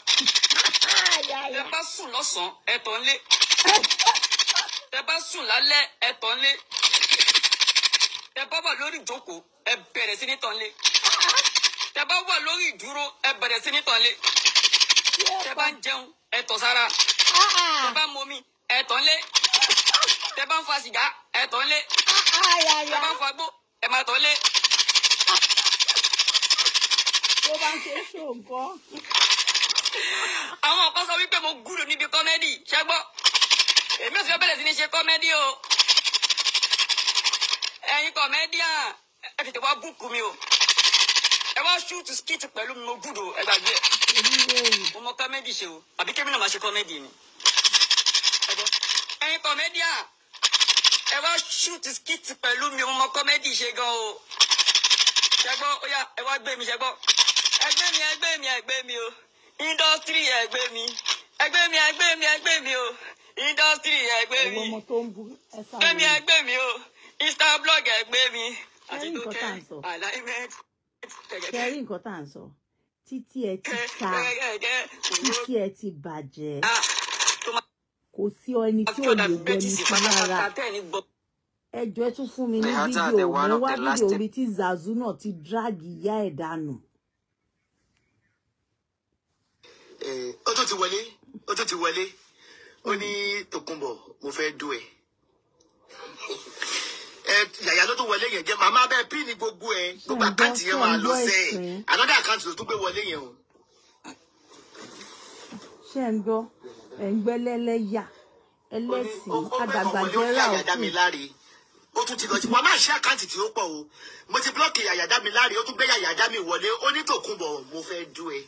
tẹ bá sùn lọ́sàn-án ẹ tọ̀ ń lé tẹ bá sùn lálẹ́ ẹ tọ̀ ń lé tẹ bá wà lórí ìjókòó ẹ bẹ̀rẹ̀ sí ní tọ́lé tẹ bá wà lórí ìdúró ẹ bẹ̀rẹ̀ sí ní tọ́lé tẹ bá ń jẹun ẹ tọ̀ sára tẹ bá ń momi ẹ tọ́lé tẹ bá ń fa sìgá ẹ tọ́lé tẹ bá ń fa gbó ẹ máa tọ́lé. tó bá ń ṣe ṣòǹkọ́. àwọn kan sọ wípé mo gúrò níbi kọ́mẹ́dì ṣẹ́gbọ́ èmi ò sì fẹ́ bẹ̀rẹ̀ sí ní ṣe kọ́mẹ́dì o ẹ̀yin comedian ẹ tètè wá búùkù mi o ẹ wá ṣúùtù skit pẹ̀lú mi mo gbúdò ẹ gbàgbé ẹ mo mọ kọ́mẹ́dì ṣe o àbí kẹ́mi náà máa ṣe kọ́mẹ́dì ni ẹ̀yin comedian ẹ wá ṣúùtù skit pẹ̀lú mi mo mọ kọ́mẹ́dì ṣe gan o ṣẹgbọ́ ó yá ẹ wá gbé mi ṣẹgbọ́ ẹgbẹ́ mi ẹgbẹ́ mi ẹgbẹ́ mi o indọ́tírì ẹgbẹ́ mi ẹgbẹ́ mi ẹgbẹ́ mi ẹgbẹ́ mi o indọ́tírì ẹgbẹ́ mi ẹgbẹ́ mi ẹgbẹ́ mi o insta blog ẹgbẹ́ mi àti tó kẹ́ alignment. kẹrí nǹkan tá à ń sọ títí ẹ ti ta títí ẹ ti bàjẹ́ ah, kò sí ẹni tí ò lè wẹni sí lára ẹjọ ẹ tún fún mi ní fídíò mo wá fídíò omi tí zazu náà ti dráàgì ìyá ẹ̀ dànù. Eh, ó tún ti wọlé ó tún ti wọlé ó ní Tòkunbọ̀ mo fẹ́ dú ẹ yàyà ló tó wọlé yẹn jẹ màmá bẹ́ẹ̀ pín ní gbogbo ẹ gbogbo àkáǹtì yẹn máa lọ sẹ́ẹ̀ another àkáǹtì tó tún gbé wọlé yẹn o. ṣé ń gbọ́ ẹ̀ ń gbẹ́ lẹ́lẹ́yà ẹlẹ́sìn àgbàgbàjẹ́rà òkú ó tún ti lọ sí wọn máa ṣe àkáǹtì tí ó pọ̀ o mo ti blọọkì yàyàdá mi láre ó tún gbé yàyàdá mi wọlé ó ní tòkunbọ̀ mo fẹ́ du ẹ.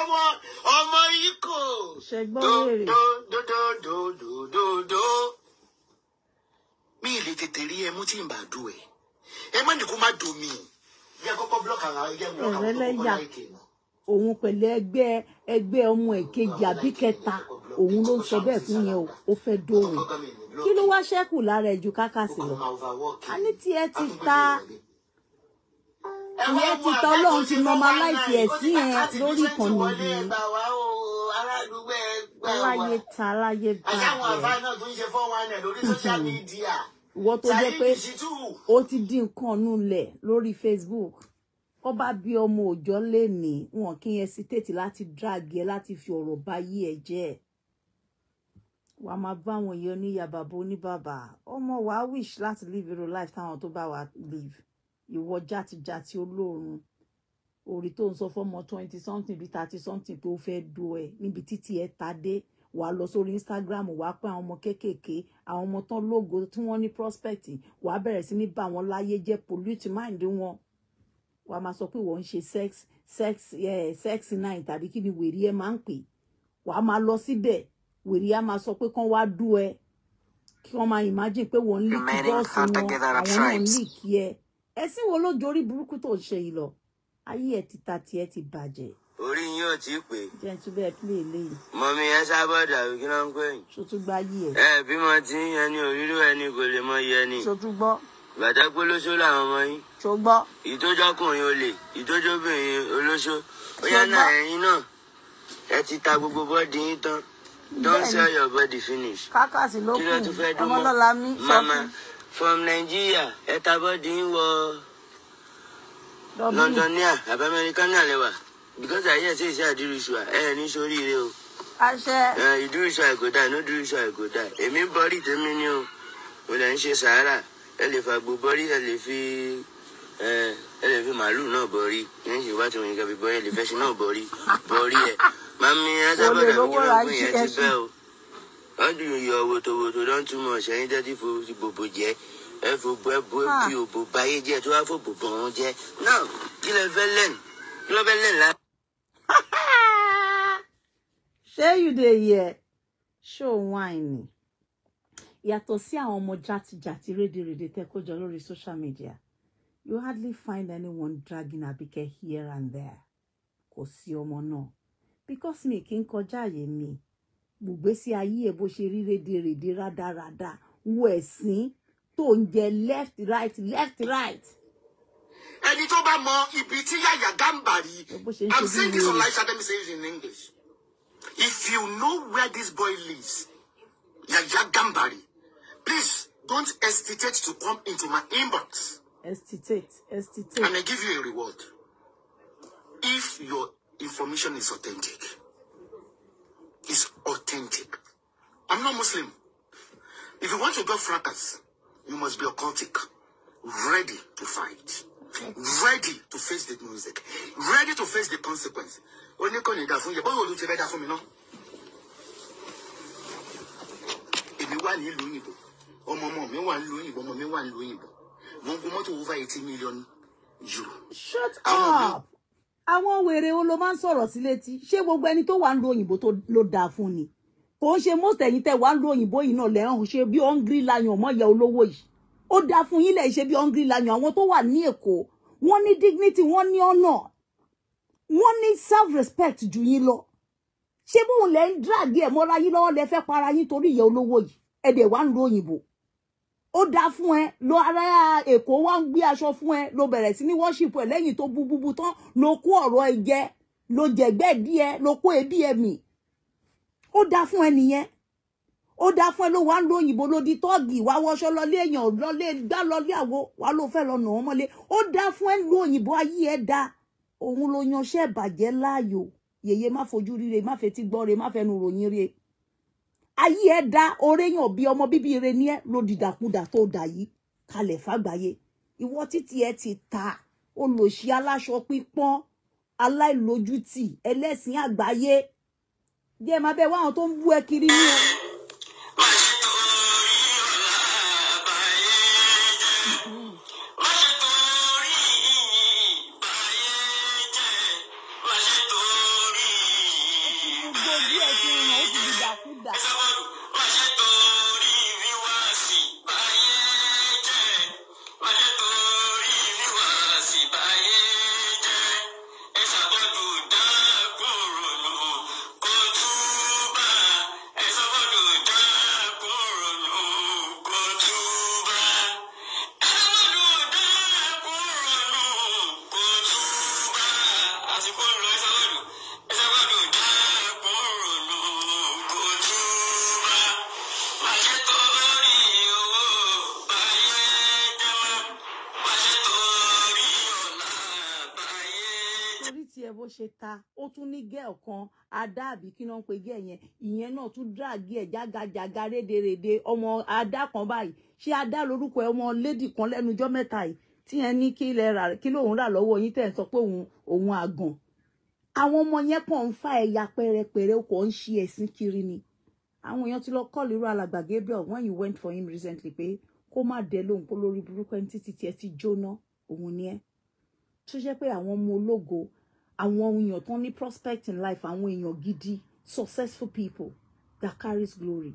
ọmọ ọmọ yìí kò. ṣẹgbọn wèrè. dòdòdòdòdòdò lè tètè rí ẹmú tí ì bá dùn ẹ ẹ má ní kó má dùn mí yẹ kọ́kọ́ blọọkì àwọn ẹgbẹ́ mi ọkọ kọ́kọ́ láì kéèyàn òun pẹ̀lú ẹgbẹ́ ẹgbẹ́ ọmọ ẹ̀kejì àbí kẹta òun ló ń sọ o fún yẹn o ó fẹ́ dóhùn kí ló wá ṣẹ́kù lára ẹ̀jú kákàsì lọ a ní tiẹ̀ ti ta tiẹ̀ ti ta ọlọ́run ti normalize ẹ̀ sí yẹn lórí ìkànnì yìí aláyé ta aláyé bá a bẹ́ẹ̀. àyàwó àbá náà tó ń ṣe fọ́ wọn ẹ̀ lórí social media ìwọ tó jẹ́ pé ó ti dín nǹkan nulẹ̀ lórí Facebook kọ́ bá bí ọmọ òòjọ́ lè ní wọn kí yẹn sí tètè láti drag ẹ láti fi ọ̀rọ̀ bá yí ẹ jẹ́ wàá máa bá wọn yọ níyà bàbá oníbàbà ọmọ wàá wish láti live your life táwọn tó bá wàá live ìwọ játijàti olóòrùn orí tó ń sọ fọmọ twenty something bíi thirty something pé ó fẹ́ do ẹ níbi títí ẹ ta dé wà á lọ sórí Instagram wà á pé àwọn ọmọ kéékèèké àwọn ọmọ tán lógo tí wọ́n ní prospect wà á bẹ̀rẹ̀ sí ní bá wọn láyé jẹ́ pollute mind wọn wà á máa sọ pé wọ́n ń ṣe sex sex yeah, sex nine tàbí kí ni wèrè ẹ máa ń pè wà á máa lọ síbẹ̀ wèrè á máa sọ pé kán wá dú ẹ kí wọ́n máa imagine pé wọ́n lè kí bọ́ọ̀sì wọn àwọn náà lè kí ẹ ẹ̀sìn wo ló dorí burúkú tó ń ṣe yìí lọ ayé ẹ ti ta tiẹ̀ ti bàjẹ́ orí yín ò tí pé. jẹ́ tún bẹ́ẹ̀ pílé eléyìí. mọ̀mí ẹ sábà dàrú kí ló ń pè yín. sotún gbá yí ẹ. ẹ bímọ tí ń yan ni ẹni kò lè mọ iye ni. sotún gbọ́. bàtà pé olóṣó làwọn ọmọ yín. tó gbọ́. ìtójọkùnrin olè ìtójọbìnrin olóṣó. ó yá náà ẹ̀yin náà ẹ ti ta gbogbo bọ́ọ̀dì yín tán. don't sell your body finish. kákàsì ló kù ọmọlọ́lá mi sọ fún. mama from Nigeria ẹ ta bọ́ọ̀dì yín wọ Londonia àbí Amẹ́ríkà náà because I àyẹ̀ sí iṣẹ́ àdúrúṣùà ẹ ní sóríire o. àṣẹ. ẹ ìdúrúṣùà kò dáa inú I go die, èmi bọ́rí tèmi ni o mo lè ń ṣe sàárà ẹ lè fàgbò bọ́rí ẹ lè fi eh, ẹ lè fi màálù náà bọ́rí ní ìṣèlú bá ti wọ̀nyí ká fi bọ́rí ẹ lè fẹ́ ṣe náà bọ́rí bọ́rí ẹ mami ẹ sábà dàbí kí ló gbìn yẹn ti fẹ́ o wọ́n dùn yọ wòtòwòtò don too much ẹ̀yin dẹ́tí ah. fo bòbò jẹ́ ẹ fo bọ́ ẹ bọ́ bí òbò báyé jẹ́ tó wá fò bòbò ọ̀hún jẹ́ náà kí lẹ fẹ́ lẹ́nu kí lọ fẹ́ lẹ́nu láti ṣé you dey hear show wine ni yàtọ̀ sí àwọn ọmọ játijàti rédèrèdè tẹ́ lórí social media you hardly find anyone dragging Abike here and there kò sí ọmọ náà because mi kì í kọjá àyè mi gbùgbésí ayé ẹ bó ṣe rí rédèrèdè rádaràda wo ẹ̀sìn tó ń jẹ left right left right ẹni tó bá mọ ibi tí yàyà gàmbàrí i'm saying this online let me say it in english if you know where this boy lives yàyà gàmbàrí please don't hesitate to come into my inbox. hesitate hesitate. and i give you a reward if your information is authentic is authentic i'm not muslim if you want to go fracas you must be occultic ready to fight ready to face the music ready to face the consequence oníkànnì dà fún yẹ bóyá olú ti fẹ́ dá fún mi náà èmi wà nílùú òyìnbó ọmọ ọmọ mi wà nílùú òyìnbó ọmọ mi wà nílùú òyìnbó wọn gun mọ́tò over eighty million euro. shut up àwọn wèrè wo ló máa ń sọ̀rọ̀ sí létí ṣé gbogbo ẹni tó wà ń lo òyìnbó tó ló dáa fún ni kò ń ṣe most ẹ̀yin tẹ́ wà ń lo òyìnbó yìí náà lẹ́hàn ṣe bí hungry lion mọ́ ìyá olówó yìí ó dáa fún yín lẹ̀ ṣe bí hungry lion àwọn tó wà ní èkó wọ́n ní dignity wọ́n ní honour wọ́n ní self respect ju yín lọ ṣé bóun lẹ ń drag ẹ mọ́ra yín lọ́wọ́ lẹ fẹ́ para yín torí ìyẹn olówó yìí ẹ̀dẹ̀ wá ń lo òyìnbó ó dáa fún ẹ lọ ara èkó wá ń gbé aṣọ fún ẹ ló bẹ̀rẹ̀ sí ní worship ẹ lẹ́yìn tó bú búbu tán ló kó ọ̀rọ̀ ẹ jẹ lo jẹ̀gbẹ́ díẹ̀ ló kó ẹbí ẹ mì ó dáa fún ẹ nìyẹn ó dá fún ẹ ló wà ń lo òyìnbó lódi tọ́ọ̀gì wá wọṣọ lọlé èèyàn lọlé gbá lọlé àwo wà ló fẹ́ lọ nà wọ́n mọ́lé ó dá fún ẹ lo òyìnbó ayé ẹ dá òun ló yanṣẹ́ ìbàjẹ́ láàyò yèyé má fojú rire má fetí gbọ́ re má fẹnu ròyìn re ayé ẹ dá oréyàn bí ọmọ bíbí re ní ẹ ló dìdàkudà tó dà yìí kalẹ̀ fàgbáyé ìwọ títí ẹ ti ta olòṣì aláṣọ pípọ́n aláìlójútì ẹlẹ́sìn àgbáyé jẹ́ máa bẹ́ẹ̀ wá àwọn tó ń bú ẹ kiri ní ọ. tún ní gẹ́ẹ̀ kan adá àbí kí náà ń pe gẹ́ẹ̀ yẹn ìyẹn náà tún dàgí ẹ̀ jágajàga rédeèrèdè ọmọ adá kan báyìí ṣé adá lórúkọ ọmọ lédì kan lẹ́nujọ́ mẹ́ta yìí tí ẹ ní kí lẹ rà kí lóun rà lọ́wọ́ yín tẹ̀ ń sọ pé òun òun àgàn àwọn ọmọ yẹn kàn ń fa ẹ̀yà pẹ̀rẹ̀pẹ̀rẹ̀ ó ń ṣe ẹ̀sìn kiri ni àwọn èèyàn ti lọ kọ́ọ̀lù irú alàgbà Gabriel when you went for him recently pé kó má dẹ lóhùn kó lórí burúkú ẹni títí tiẹ̀ ti jóná òun ni ẹ́ tó jẹ́ pé àwọn ọmọ ológo àwọn èèyàn tó ní prospect in life àwọn èèyàn gidi successful people that carries glory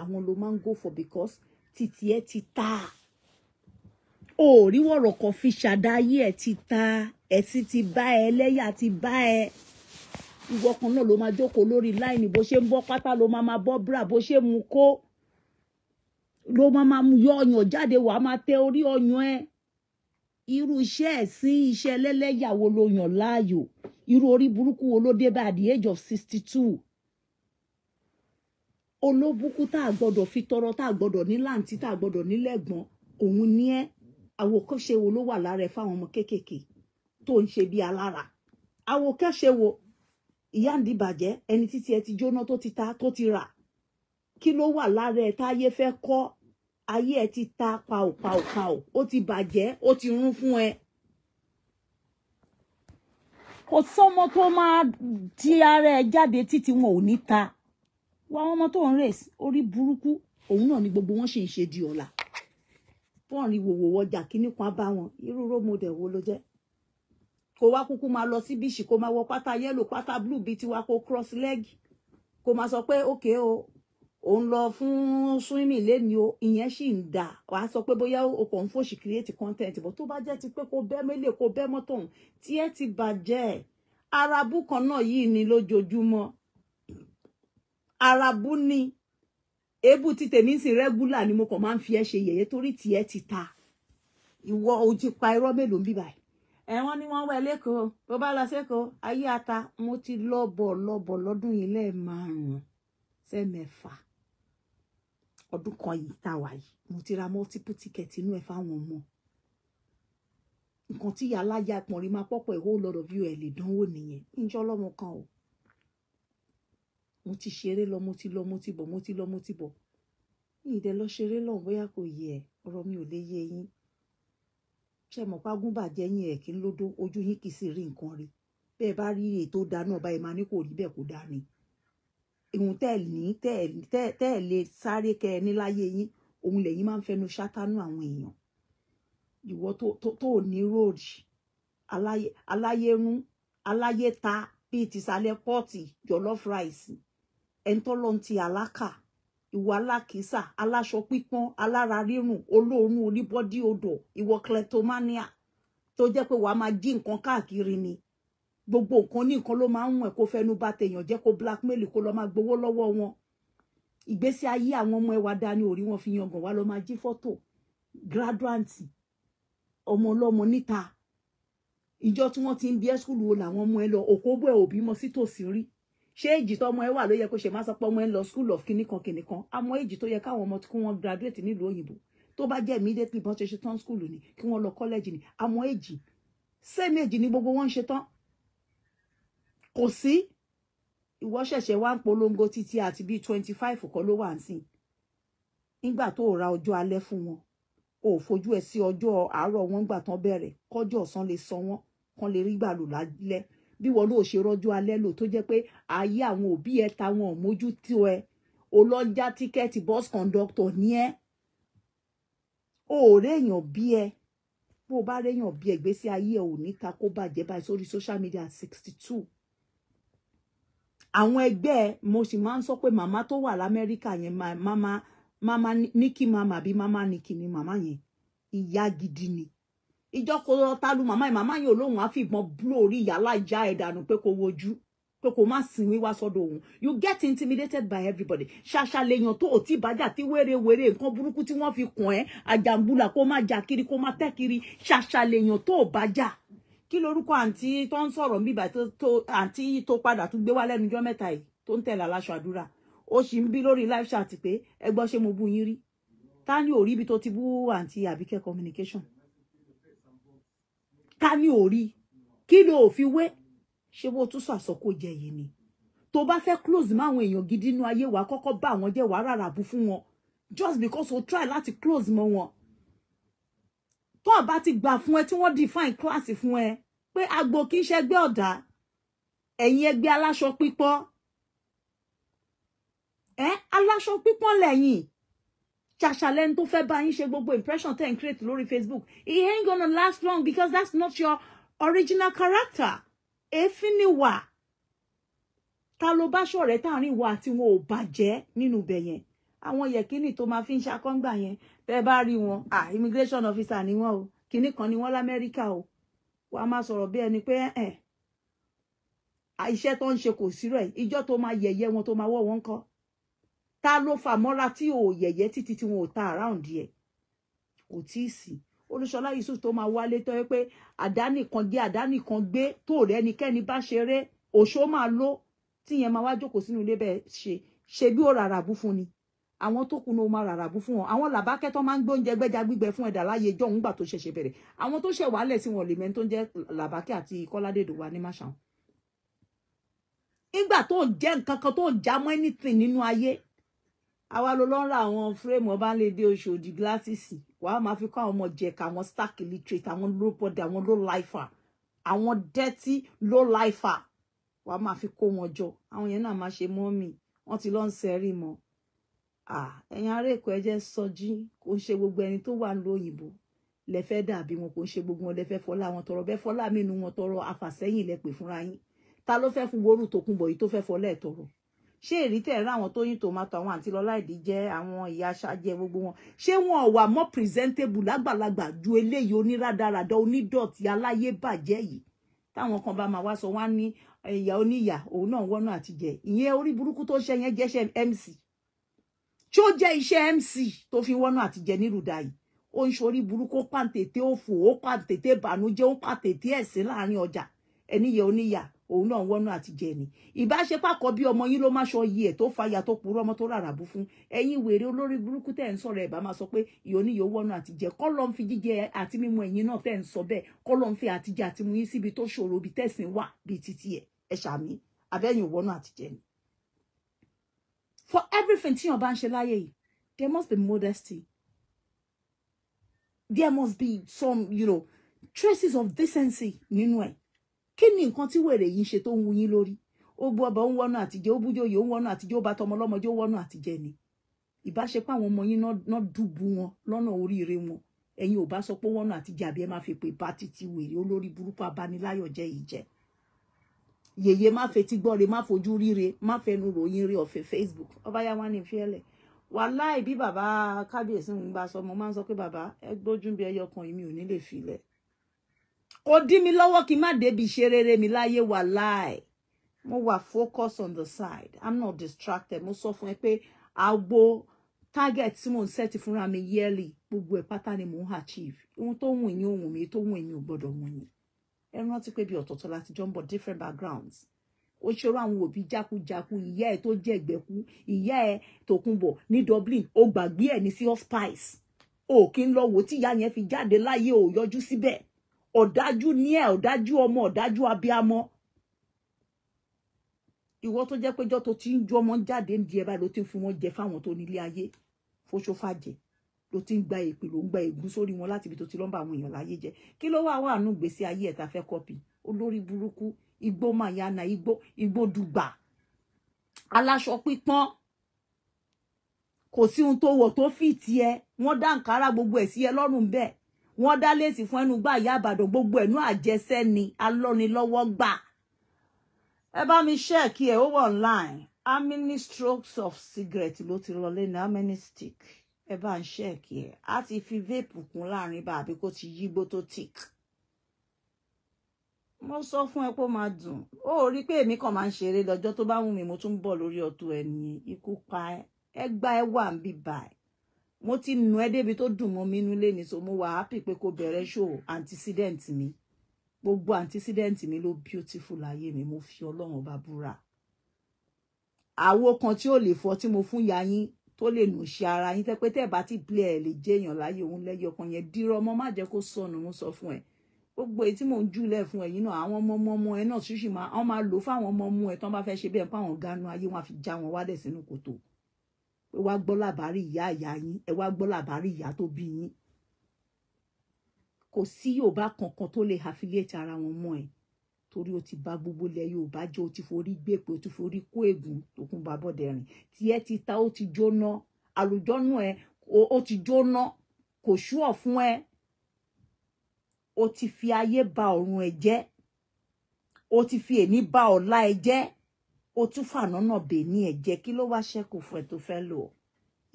àwọn ló máa ń go for because títí ẹ ti ta òòrí wọ̀rọ̀ kan fi ṣàdáyé ẹ ti ta ẹ̀sìn ti bá ẹ ẹlẹ́yà ti bá ẹ ìwọ kan náà ló máa jókòó lórí láìní bó ṣe ń bọ́ pátá ló máa máa bọ́ búra bó ṣe mú kó ló máa máa yọ ọyàn jáde wàá máa tẹ orí ọyàn ẹ irú iṣẹ́ ẹ̀sìn iṣẹ́ ẹlẹ́lẹ́yàwó ló yàn láàyò irú orí burúkú wo ló dé bá at the age of sixty two olóbùkún tá a gbọ́dọ̀ fi tọrọ tá a gbọ́dọ̀ ní láǹtí tá a gbọ́dọ̀ nílẹ̀gbọ́n òun ní ẹ́ àwòkọ́ṣe wo ló wà lára ẹ fáwọn ọmọ kéékèèké tó ń ṣe bí alára àwòkọ́ṣe wo ìyá ń dìbàjẹ́ ẹni títí ẹ ti jóná tó ti ta tó ti rà kí ló wà lára ẹ táyé fẹ́ kọ́ ayé ẹ ti ta paopáopáò ó ti bàjẹ́ ó ti rún fún ẹ. kò sọ́mọ tó máa ti ara ẹ jáde títí wọn ò ní ta wá ọmọ tó ń rèé orí burúkú òun náà ni gbogbo wọn ṣì ń ṣe di ọ̀la wọn rí wòwò ọjà kíní kan bá wọn irú rómọdé wo ló jẹ́ kó wá kúkú máa lọ sí bíṣì kó máa wọ pátá yẹ́lò pátá blue bíi tiwa kó cross leg kó máa sọ pé ókè o ò ń lọ fún swimming lẹ́ni o ìyẹn sì ń dà wàá sọ pé bóyá o kàn ń fòṣì create content bó tó bá jẹ́ ti pé kó bẹ́ mélòó kó bẹ́ mọ́tò ọ̀hún tí ẹ ti bàjẹ́ arabu kan náà yìí ni lójoojúmọ́ arabu ni èébù ti tèmi sì regular ni mo kàn máa ń fi ẹ ṣe yẹ̀yẹ́ torí tiẹ̀ ti ta ìwọ o ti pa irọ́ mélòó ń bíbáyìí ẹ̀wọ́n ni wọ́n wẹ̀ lẹ́kọ̀ọ́ bó bá lọ sẹ́kọ̀ọ́ ayé ata mo ti lọ́bọ̀ lọ́bọ̀ lọ́dún yìí lẹ́ẹ̀ márùn-ún sẹ́mẹ̀fà ọdún kan yìí tá a wà yìí mo ti ra multiple ticket inú ẹ̀ fáwọn ọmọ nǹkan tí aláya pọnrin máa pọ́pọ̀ ìhó lọ́dọ̀ bí ẹ lè dánwò nìyẹn níjọ́ lọ́mọ kan o mo ti ṣeré lọ mo ti lọ mo ti bọ̀ mo ti lọ mo ti bọ̀ ní ìdẹ lọ ṣeré lọ́hùn bóyá kò yẹ ẹ ọ̀rọ̀ mi ò lè yé yín ṣe mọ̀ págún bàjẹ́ yín ẹ̀ kí n lódó ojú yín kì í sì rí nǹkan rí bẹ́ẹ̀ bá rí ètò dáná ọba ẹ̀ máa ní kò rí bẹ́ẹ̀ kó dá ni ìhun tẹ́ ẹ̀ ní tẹ́ ẹ̀ lè sáré kẹ́ ẹ ní láyé yín òun lẹ́yìn máa ń fẹnu ṣátánú àwọn èèyàn ìwọ tó ò ní róòjì aláyérún aláyéta bíi tìsàlẹ̀ pọ́ọ̀tì jọ̀lọ́fù ráìsì ẹ̀ńtọ́lọ́ntì alákà ìwọ alákìísà aláṣọ pípọ́n alára rírùn olóòórùn oníbọ́dí odò ìwọ kleptomania tó jẹ́ pé wàá máa jí nǹkan káàkiri ni gbogbo nǹkan ní nǹkan ló máa ń wọ̀n kó fẹnu bá tèèyàn jẹ́ kó blackmail kó lọ máa gbowó lọ́wọ́ wọn ìgbésí ayé àwọn ọmọ ẹwà dání orí wọn fi yangàn wá lọ máa jí fọ́tò graduate ọmọ ọlọ́mọ níta ìjọ tí wọ́n ti ń bí ẹ́ skúlù wo làwọn ọmọ ẹ lọ òkóbó ẹ òbí mọ sí tòsí rí ṣé èjì tó ọmọ ẹ wà ló yẹ kó ṣe má sọ pé ọmọ ẹ ń lọ school of kìnìkan kìnìkan àmọ́ èjì tó yẹ káwọn ọmọ kí wọ́n graduate nílùú òyìnbó tó bá jẹ́ immediately bọ́n ṣe ṣe tán school ni kí wọ́n lọ college ni àmọ́ èjì same èjì ni gbogbo wọn ń ṣe tán kò sí ìwọ ṣẹ̀ṣẹ̀ wá ń polongo títí àti bíi twenty five kan ló wà nísìn nígbà tó ra ọjọ́ alẹ́ fún wọn ò fojú ẹ̀ sí ọjọ́ àárọ̀ wọn gbà tán bẹ̀rẹ̀ kọjọ́ ọ̀sán lè san wọn kan lè rí gbà lò lálẹ́ bí wọn lóò ṣe rọ́jọ́ alẹ́ lò tó jẹ́ pé ayé àwọn òbí ẹ̀ ta wọn mójútó ẹ olọ́jà tíkẹ́ẹ̀tì bus conductor ní ẹ o ò réèyàn bí ẹ bó o bá réèyàn bí ẹ gbèsè ayé ẹ ò ní ta kó bàjẹ́ báyìí sórí social media sixty two àwọn ẹgbẹ́ ẹ mo sì máa ń sọ pé màmá tó wà lamẹ́ríkà yẹn màmá màmá níkì màmá àbí màmá níkì ni màmá yẹn ìyá gidi ni ìjọ kò lọ ta lu màmá yẹn màmá yẹn olóhùn á fi ìbọn búlò orí ìyálà ìjà ẹ̀ pé kò wojú pé kò má sìn wí sọ́dọ̀ òun you get intimidated by everybody ṣàṣà lèèyàn tó ò tí bájà tí wérewère nǹkan burúkú tí wọ́n fi kàn ẹ́ àjàǹbùlà kó má jà kiri kó má tẹ́ kiri ṣàṣà lèèyàn tó ò bájà kí lorúkọ àǹtí tó ń sọ̀rọ̀ níbà tó àǹtí tó padà tún gbé wá lẹ́nujọ́ mẹ́ta yìí tó ń tẹ̀lé aláṣọ àdúrà ó sì ń bí lórí live chat pé ẹ gbọ́ mo bú yín rí ta ni ò ibi tó ti bú àǹtí àbíkẹ́ communication ta ni ò rí kí ló ò fi wé ṣé bó tún sọ àsọkò jẹ yìí ni tó bá fẹ́ close mọ́ àwọn èèyàn gidi inú ayé wa kọ́kọ́ bá àwọn jẹ́ wàá rárá bú fún wọn just because o try láti close mọ́ wọn tó àbá ti gbà fún ẹ tí wọ́n define class fún ẹ pé agbo kì í ṣẹgbẹ́ ọ̀dà ẹ̀yin ẹgbẹ́ aláṣọ pípọ́ ẹ aláṣọ pípọ́ lẹ́yìn ṣàṣàlẹ́ ní tó fẹ́ bá yín ṣe gbogbo impression ten create lórí Facebook it ain't gonna last long because that's not your original character èéfín ni wà ta ló bá ṣọ̀rẹ́ táàrin ìwà àti wọn ò bàjẹ́ nínú ibẹ̀ yẹn àwọn yẹ̀kínì tó máa fi ń ṣakọ́ngbà yẹn tẹ́ bá rí wọn à immigration officer ni wọ́n o kinní kan ni wọ́n lamẹ́ríkà o wàá máa sọ̀rọ̀ bí ẹni pé ẹ̀ iṣẹ́ tó ń ṣe kò sí rẹ̀ ìjọ́ tó máa yẹ̀yẹ́ wọn tó máa wọ́ wọn kọ́ ta ló fà mọ́ra tí ò yẹ̀yẹ́ títí tí wọn ò ta around yẹ kò tí ì sí olúṣọlá yusuf tó máa wálé tó yẹ pé àdánì kan gbé àdánì kan gbé tó rẹ ẹnikẹ́ni bá ṣeré òṣó máa ló tíyẹn máa wá jókòó sínú ilé bẹ́ẹ̀ ṣe ṣe bí ó rárá bú fún ni àwọn tó kùnà máa rárá bú fún wọn àwọn làbákẹ́ tó máa ń gbóúnjẹ gbẹ́ja gbígbẹ fún ẹ̀dá láyé jọ òun gbà tó ṣẹ̀ṣẹ̀ bẹ̀rẹ̀ àwọn tó ṣẹ̀ wálẹ̀ sí wọn lè mẹ́ni tó ń jẹ́ làbákẹ́ àti kọ́ládé ìdòwà ní máṣáwọn. nígbà tó ń jẹ́ nǹkan kan tó ń já mọ́ anything nínú ayé àwa ló lọ́ọ́ ra àwọn fúrẹ́mù ọba lè dé oṣù òdì gíláṣìsì wàá máa fi kọ́ àwọn ọmọ jẹ̀ka àwọn stark illiterate àwọn low body àwọn low lifer àwọn dirty low lifer wàá máa fi kó wọn jọ àwọn yẹn náà máa ṣe mi, wọ́n ti lọ́ọ́ ń sẹ́rí mọ́ ẹ̀yin ará èkó ẹ jẹ́ sọjí kò ń ṣe gbogbo ẹni tó wà lóyìnbó lẹ fẹ́ dàbí wọn kò ń ṣe gbogbo wọn lẹ fẹ́ fọlá wọn tọrọ bẹ́ẹ̀ fọlá mínú wọn tọrọ àfàsẹ́yìn lẹ pè fúnra yín ta ló fẹ́ fún wóorù Tókunbọ̀ yìí tó fẹ́ fọlá ẹ̀ tọrọ ṣé èrí tẹ̀ rá àwọn Tóyìn Tòmátò àwọn àǹtí Lọlá Ìdíjẹ àwọn ìyá aṣáájẹ gbogbo wọn ṣé wọn wà mọ́ presentable lágbàlagbà ju eléyìí oníradàradà onídọ̀tí aláyé bàjẹ́ yìí táwọn kan bá máa wá sọ wá ní ìyá oníyà òun náà wọ́nà àtijẹ́ ìyẹn orí burúkú tó ṣe yẹn jẹ́ṣẹ́ MC tí ó jẹ́ iṣẹ́ MC tó fi wọnú àti jẹ nírúdà yìí ó ń ṣorí burúkú ó pàǹtètè òfò ó pàǹtètè ìbànújẹ́ ó pàǹtètè ẹ̀sìn láàrin ọjà ẹníyẹ oníyà òun náà wọnú àti jẹ ni ìbáṣepàkọ bí ọmọ yín ló má sọ yìí ẹ tó fàyà tó purọ́ ọmọ tó rárá bú fún ẹ̀yin wèrè olórí burúkú tẹ́ ń sọ̀rọ̀ ẹ bá máa sọ pé ìyóníyó wọnú àti jẹ kọlọ ń fi jíjẹ àti mímu ẹ̀yin náà tẹ́ ń sọ bẹ́ẹ̀ kọlọ ń fi àtijẹ àti mu yín síbi tó ṣòro bí tẹsán wà bíi títí ẹ ẹ ṣàmì abẹ́yìn wọnú àti jẹ ni for everything tí yàn bá ń ṣe there must be modesty there must be some you know traces of decency nínú ẹ̀ kí ni nǹkan tí wèrè yìí ń ṣe tó ń wu yín lórí ó bu ọba ó ń wọnú àtijẹ ó bújó yìí ó ń wọnú àtijẹ ó bá tọmọ lọmọjẹ ó wọnú àtijẹ ni ìbáṣepọ̀ àwọn ọmọ yín náà dùbú wọn lọ́nà oríire wọn ẹ̀yin ò bá sọ pé wọnú àtijẹ àbí ẹ olori fi pè bá je. wèrè yèyé má fetí gbọ́re má fojú ríre má fẹnu ròyìn rí ọ̀fẹ́ Facebook ọbáyá wà ní fiẹ́lẹ̀ wàláì bí bàbá kábíyèsí ń bá sọ mo máa ń sọ pé bàbá ẹ gbójú bí ẹyọ kan èmi ò ní lè filẹ̀ kò dí mi lọ́wọ́ kí n má débi ṣe rere mi láyé wàláì mo wà focus on the side i'm not distracted mo sọ fún ẹ pé àgbo target tí mò ń sẹ́ẹ̀tì fúnra mi yearly gbogbo ẹ̀ pátá ni achieve ohun tó wùn yín òun mi tó wùn yín ò gbọ́dọ̀ wùn yín ẹ rántí pé bí ọ̀tọ̀ọ̀tọ̀ láti jọ ń bọ̀ different backgrounds ó ṣòro àwọn òbí jákujáku ìyá ẹ tó jẹ́ ìgbẹ́kú ìyá ẹ tòkunbọ̀ ní Dublin ó gbàgbé ẹ̀ ní sí hospice ó kí ń lọ wò tí ìyá yẹn fi jáde láyé ò yọjú síbẹ̀ ọ̀dájú ní ẹ̀ ọ̀dájú ọmọ ọ̀dájú abiyamọ ìwọ tó jẹ́ péjọ́ tó ti ń ju ọmọ jáde ń di ẹ báyìí ló ti ń fún wọn jẹ fáwọn tó nílé ayé fóṣófàjẹ́ ló ti gba èpè ló ń gba ègún sórí wọn láti ibi tó ti lọ́nbà àwọn èèyàn láyé jẹ kí ló wà wà nù gbèsè ayé ẹ̀ ta fẹ́ kọ́pì olórí burúkú igbó mayana igbó igbó dùgbà aláṣọ pípọ́n kò sí ohun tó wọ̀ tó fì tiẹ̀ wọ́n dá nkárà gbogbo ẹ̀ sí ẹ lọ́rùn bẹ́ẹ̀ wọ́n dá léèsì fún ẹnu gbà ìyá àbàdàn gbogbo ẹnu àjẹsẹ ni alọ́nilọ́wọ́ gbà ẹ bá mi ṣẹ́ẹ̀kì ẹ̀ ó wọ̀ online how many strokes of cigarette ló ti lọ lẹ́nu how many stick ẹ bá ń ṣẹ́ẹ̀kì ẹ̀ á ti fi vape kún láàrin bá àbí kó ti yígbó tó tick mo sọ fún ẹ pé ó máa dùn ó rí pé èmi kàn máa ń ṣeré lọ́jọ́ tó bá wù mí mo tún bọ̀ lórí ọ̀tún ẹ ikú pa ẹ ẹ gbá ẹ wà bí báyìí mo ti nù ẹ débi tó dùn mọ́ mi inú lé ní so mo wà happy pé kó bẹ̀rẹ̀ ṣó antecedent mi gbogbo antecedent mi ló beautiful ayé mi mo fi Ọlọ́run bá búra àwo kan tí ò lè fọ́ tí mo fún ya tó lè nù ṣe ara yín tẹ́ pé tẹ́ bá ti play ẹ̀ lè jẹ́ èèyàn láyé òun lẹ́yìn ọkàn yẹn dírọ́ ọmọ má jẹ́ kó sọnù mo sọ fún ẹ gbogbo èyí tí mò ń júlẹ̀ fún ẹ̀yin náà àwọn ọmọ ọmọ ọmọ ẹ náà ṣíṣì máa wọ́n máa lò fáwọn ọmọ ọmọ ẹ tán bá fẹ́ ṣe bẹ́ẹ̀ fáwọn ganu ayé wọn àfi já wọn wálẹ̀ sínú kòtò pé wá gbọ́ làbárí ìyá ìyá yín ẹ wá gbọ́ làbárí ìyá tó bí yín kò sí Yorùbá kankan tó lè affiliate ara wọn mọ́ ẹ̀ torí o ti bà gbogbo ilẹ̀ Yorùbá jẹ́ o ti forí gbèpè o ti forí kó ègún tókun bá bọ́dẹ rìn tí ẹ ti ta ó ti jóná àlùjọ ẹ ó ti jóná kò ṣúọ̀ fún ẹ o ti fi ayé ba ọ̀run ẹ jẹ́ o ti fi èní ba ọ̀la ẹ jẹ́ o tún fànánà bèní ẹ jẹ́ kí ló wá ṣẹ́kù fún ẹ tó fẹ́ lò ó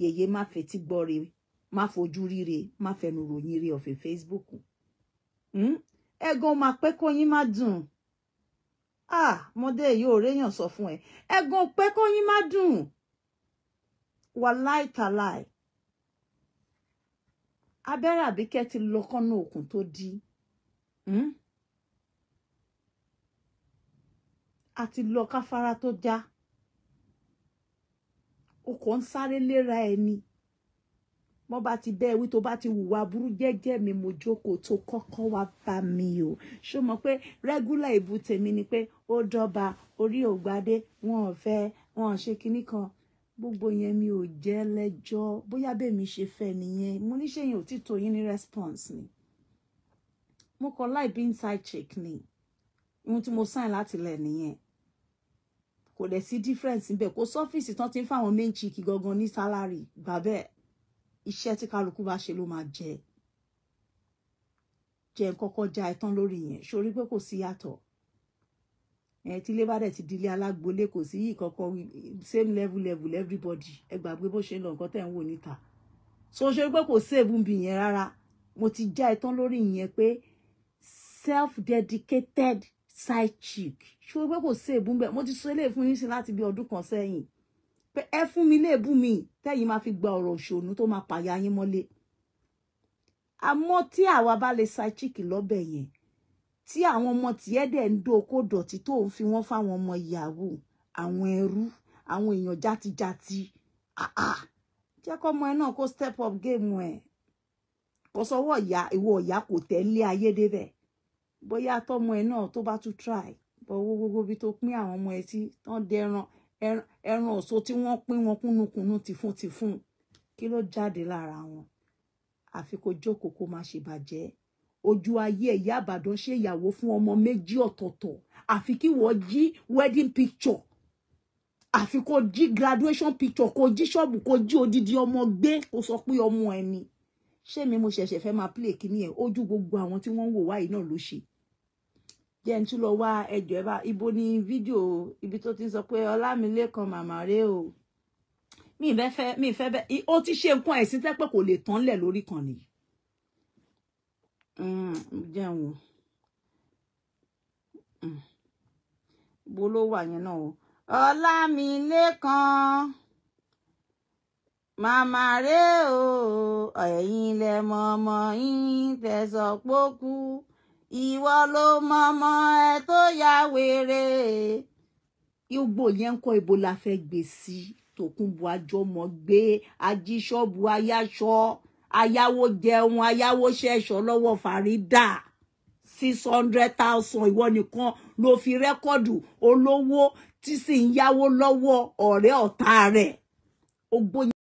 yèyé má fetí gbọ́ re má fojú ríre má fẹnu ròyìn re ọ̀fẹ́ Facebook hmm? ẹ̀gàn máa pẹ́ kóyin má dùn ah mọdé yóò réyàn sọ fún ẹ ẹgàn òpẹ kán yín má dùn wà láìtàláì abẹ́rẹ́ àbíkẹ́ ti lọ kọ́nà òkun tó di àti hmm? lọ káfárá tó já o kò ń sáré léra ẹni. E mo bá ti bẹ́ẹ̀ wí tó bá ti wùwà burú jẹ́jẹ́ mi mo jókòó tó kọ́kọ́ wá bá mi o ṣó mọ̀ pé rẹ́gúlà ìbú tèmi ni pé ó dọ́ba orí ògbadé wọn ò fẹ́ wọn ò kan gbogbo yẹn mi ò jẹ́ lẹ́jọ́ bóyá bẹ́ẹ̀ mi ṣe fẹ́ nìyẹn mo ní ṣèyàn òtítọ́ yín ní response ni mo kọ láì bí inside check ni ohun tí mo sign láti lẹ̀ nìyẹn kò dẹ̀ sí difference níbẹ̀ kò sọ́fíìsì tán ti ń fáwọn méjì kí gangan ní sálárì gbà iṣẹ́ tí kálukú bá ṣe ló máa jẹ jẹ kọ́kọ́ já ẹtán lórí yẹn sórí pé kò sí yàtọ̀ ẹ tí ilé bá dẹ̀ ti di ilé alágbolé kò sí yìí kankan same level level everybody ẹ gbàgbé bó ṣe ń lọ nǹkan tẹ̀ ń wò níta so ṣe pé kò séèbù bì yẹn rárá mo ti já ẹtán lórí yẹn pé self dedicated side chick ṣe pé kò séèbù bẹ́ẹ̀ mo ti sọ eléyìí fún yín sí láti bí ọdún kan sẹ́yìn pé ẹ fún mi léèbù mi tẹ́yìn máa fi gba ọ̀rọ̀ òṣònú tó máa pààyà yín mọ́lé àmọ́ tí àwa bá lè sa chíkì lọ́bẹ̀ yẹn tí àwọn ọmọ tìẹ́ dẹ̀ ń dóko dọ̀tí tó ń fi wọ́n fáwọn ọmọ ìyàwó àwọn ẹrú àwọn èèyàn játijáti jẹ́ kọ́ ọmọ ẹ náà kó step up game ẹ̀ kò sọ́wọ́ ìyá ìwọ ìyá kò tẹ̀lé ayé débẹ̀ bóyá tọmọ ẹ náà tó bá tún try bọ́ gbogbo ibi tó pín àwọn ọmọ ẹ sí tán dẹran ẹran ọ̀ṣọ́ tí wọ́n pín wọn kúnnukùnú tìfún tìfún kí ló jáde lára wọn àfi kó jókòó kó má ṣe bàjẹ́ ojú ayé ìyá àbàdàn ṣe ìyàwó fún ọmọ méjì ọ̀tọ̀ọ̀tọ̀ àfi kí wọ́n jí wedding picture àfi kó jí graduation picture kó jí ṣọ́ọ̀bù kó jí odidi ọmọ gbé kó sọ pé ọmọ ẹni ṣé mi mo ṣẹ̀ṣẹ̀ fẹ́ máa play kíní ẹ̀ ojú gbogbo àwọn tí wọ́n ń wò wáyé náà ló ṣe jẹ́ n tún lọ wá ẹjọ́ ẹ bá ibo ni fídíò ibi tó ti ń sọ pé ọlámilékan màmá rẹ o mi ìfẹ́ fẹ́ mi ìfẹ́ bẹ́ẹ̀ ó ti ṣe nǹkan ẹ̀sìn tẹ́pẹ́ kò lè tán lẹ̀ lórí kan nìyí. jẹun bo ló wà yẹn náà o ọlámilékan màmá rẹ o ẹ̀yin lẹ mọ̀ ọmọ yín tẹ̀sán pókú ìwọ ló mọmọ ẹ tó ya wèrè. igbó yẹn ń kọ́ ibo la fẹ́ gbé sí tòkunbù àjọmọ gbé ajíṣọ́bù ayáṣọ ayáwó jẹun ayáwó ṣẹ̀ṣọ́ lọ́wọ́ fàrídà six hundred thousand ìwọ nìkan ló fi rẹ́kọ̀dù olówó tí sì ń yáwó lọ́wọ́ ọ̀rẹ́ ọ̀tá rẹ̀.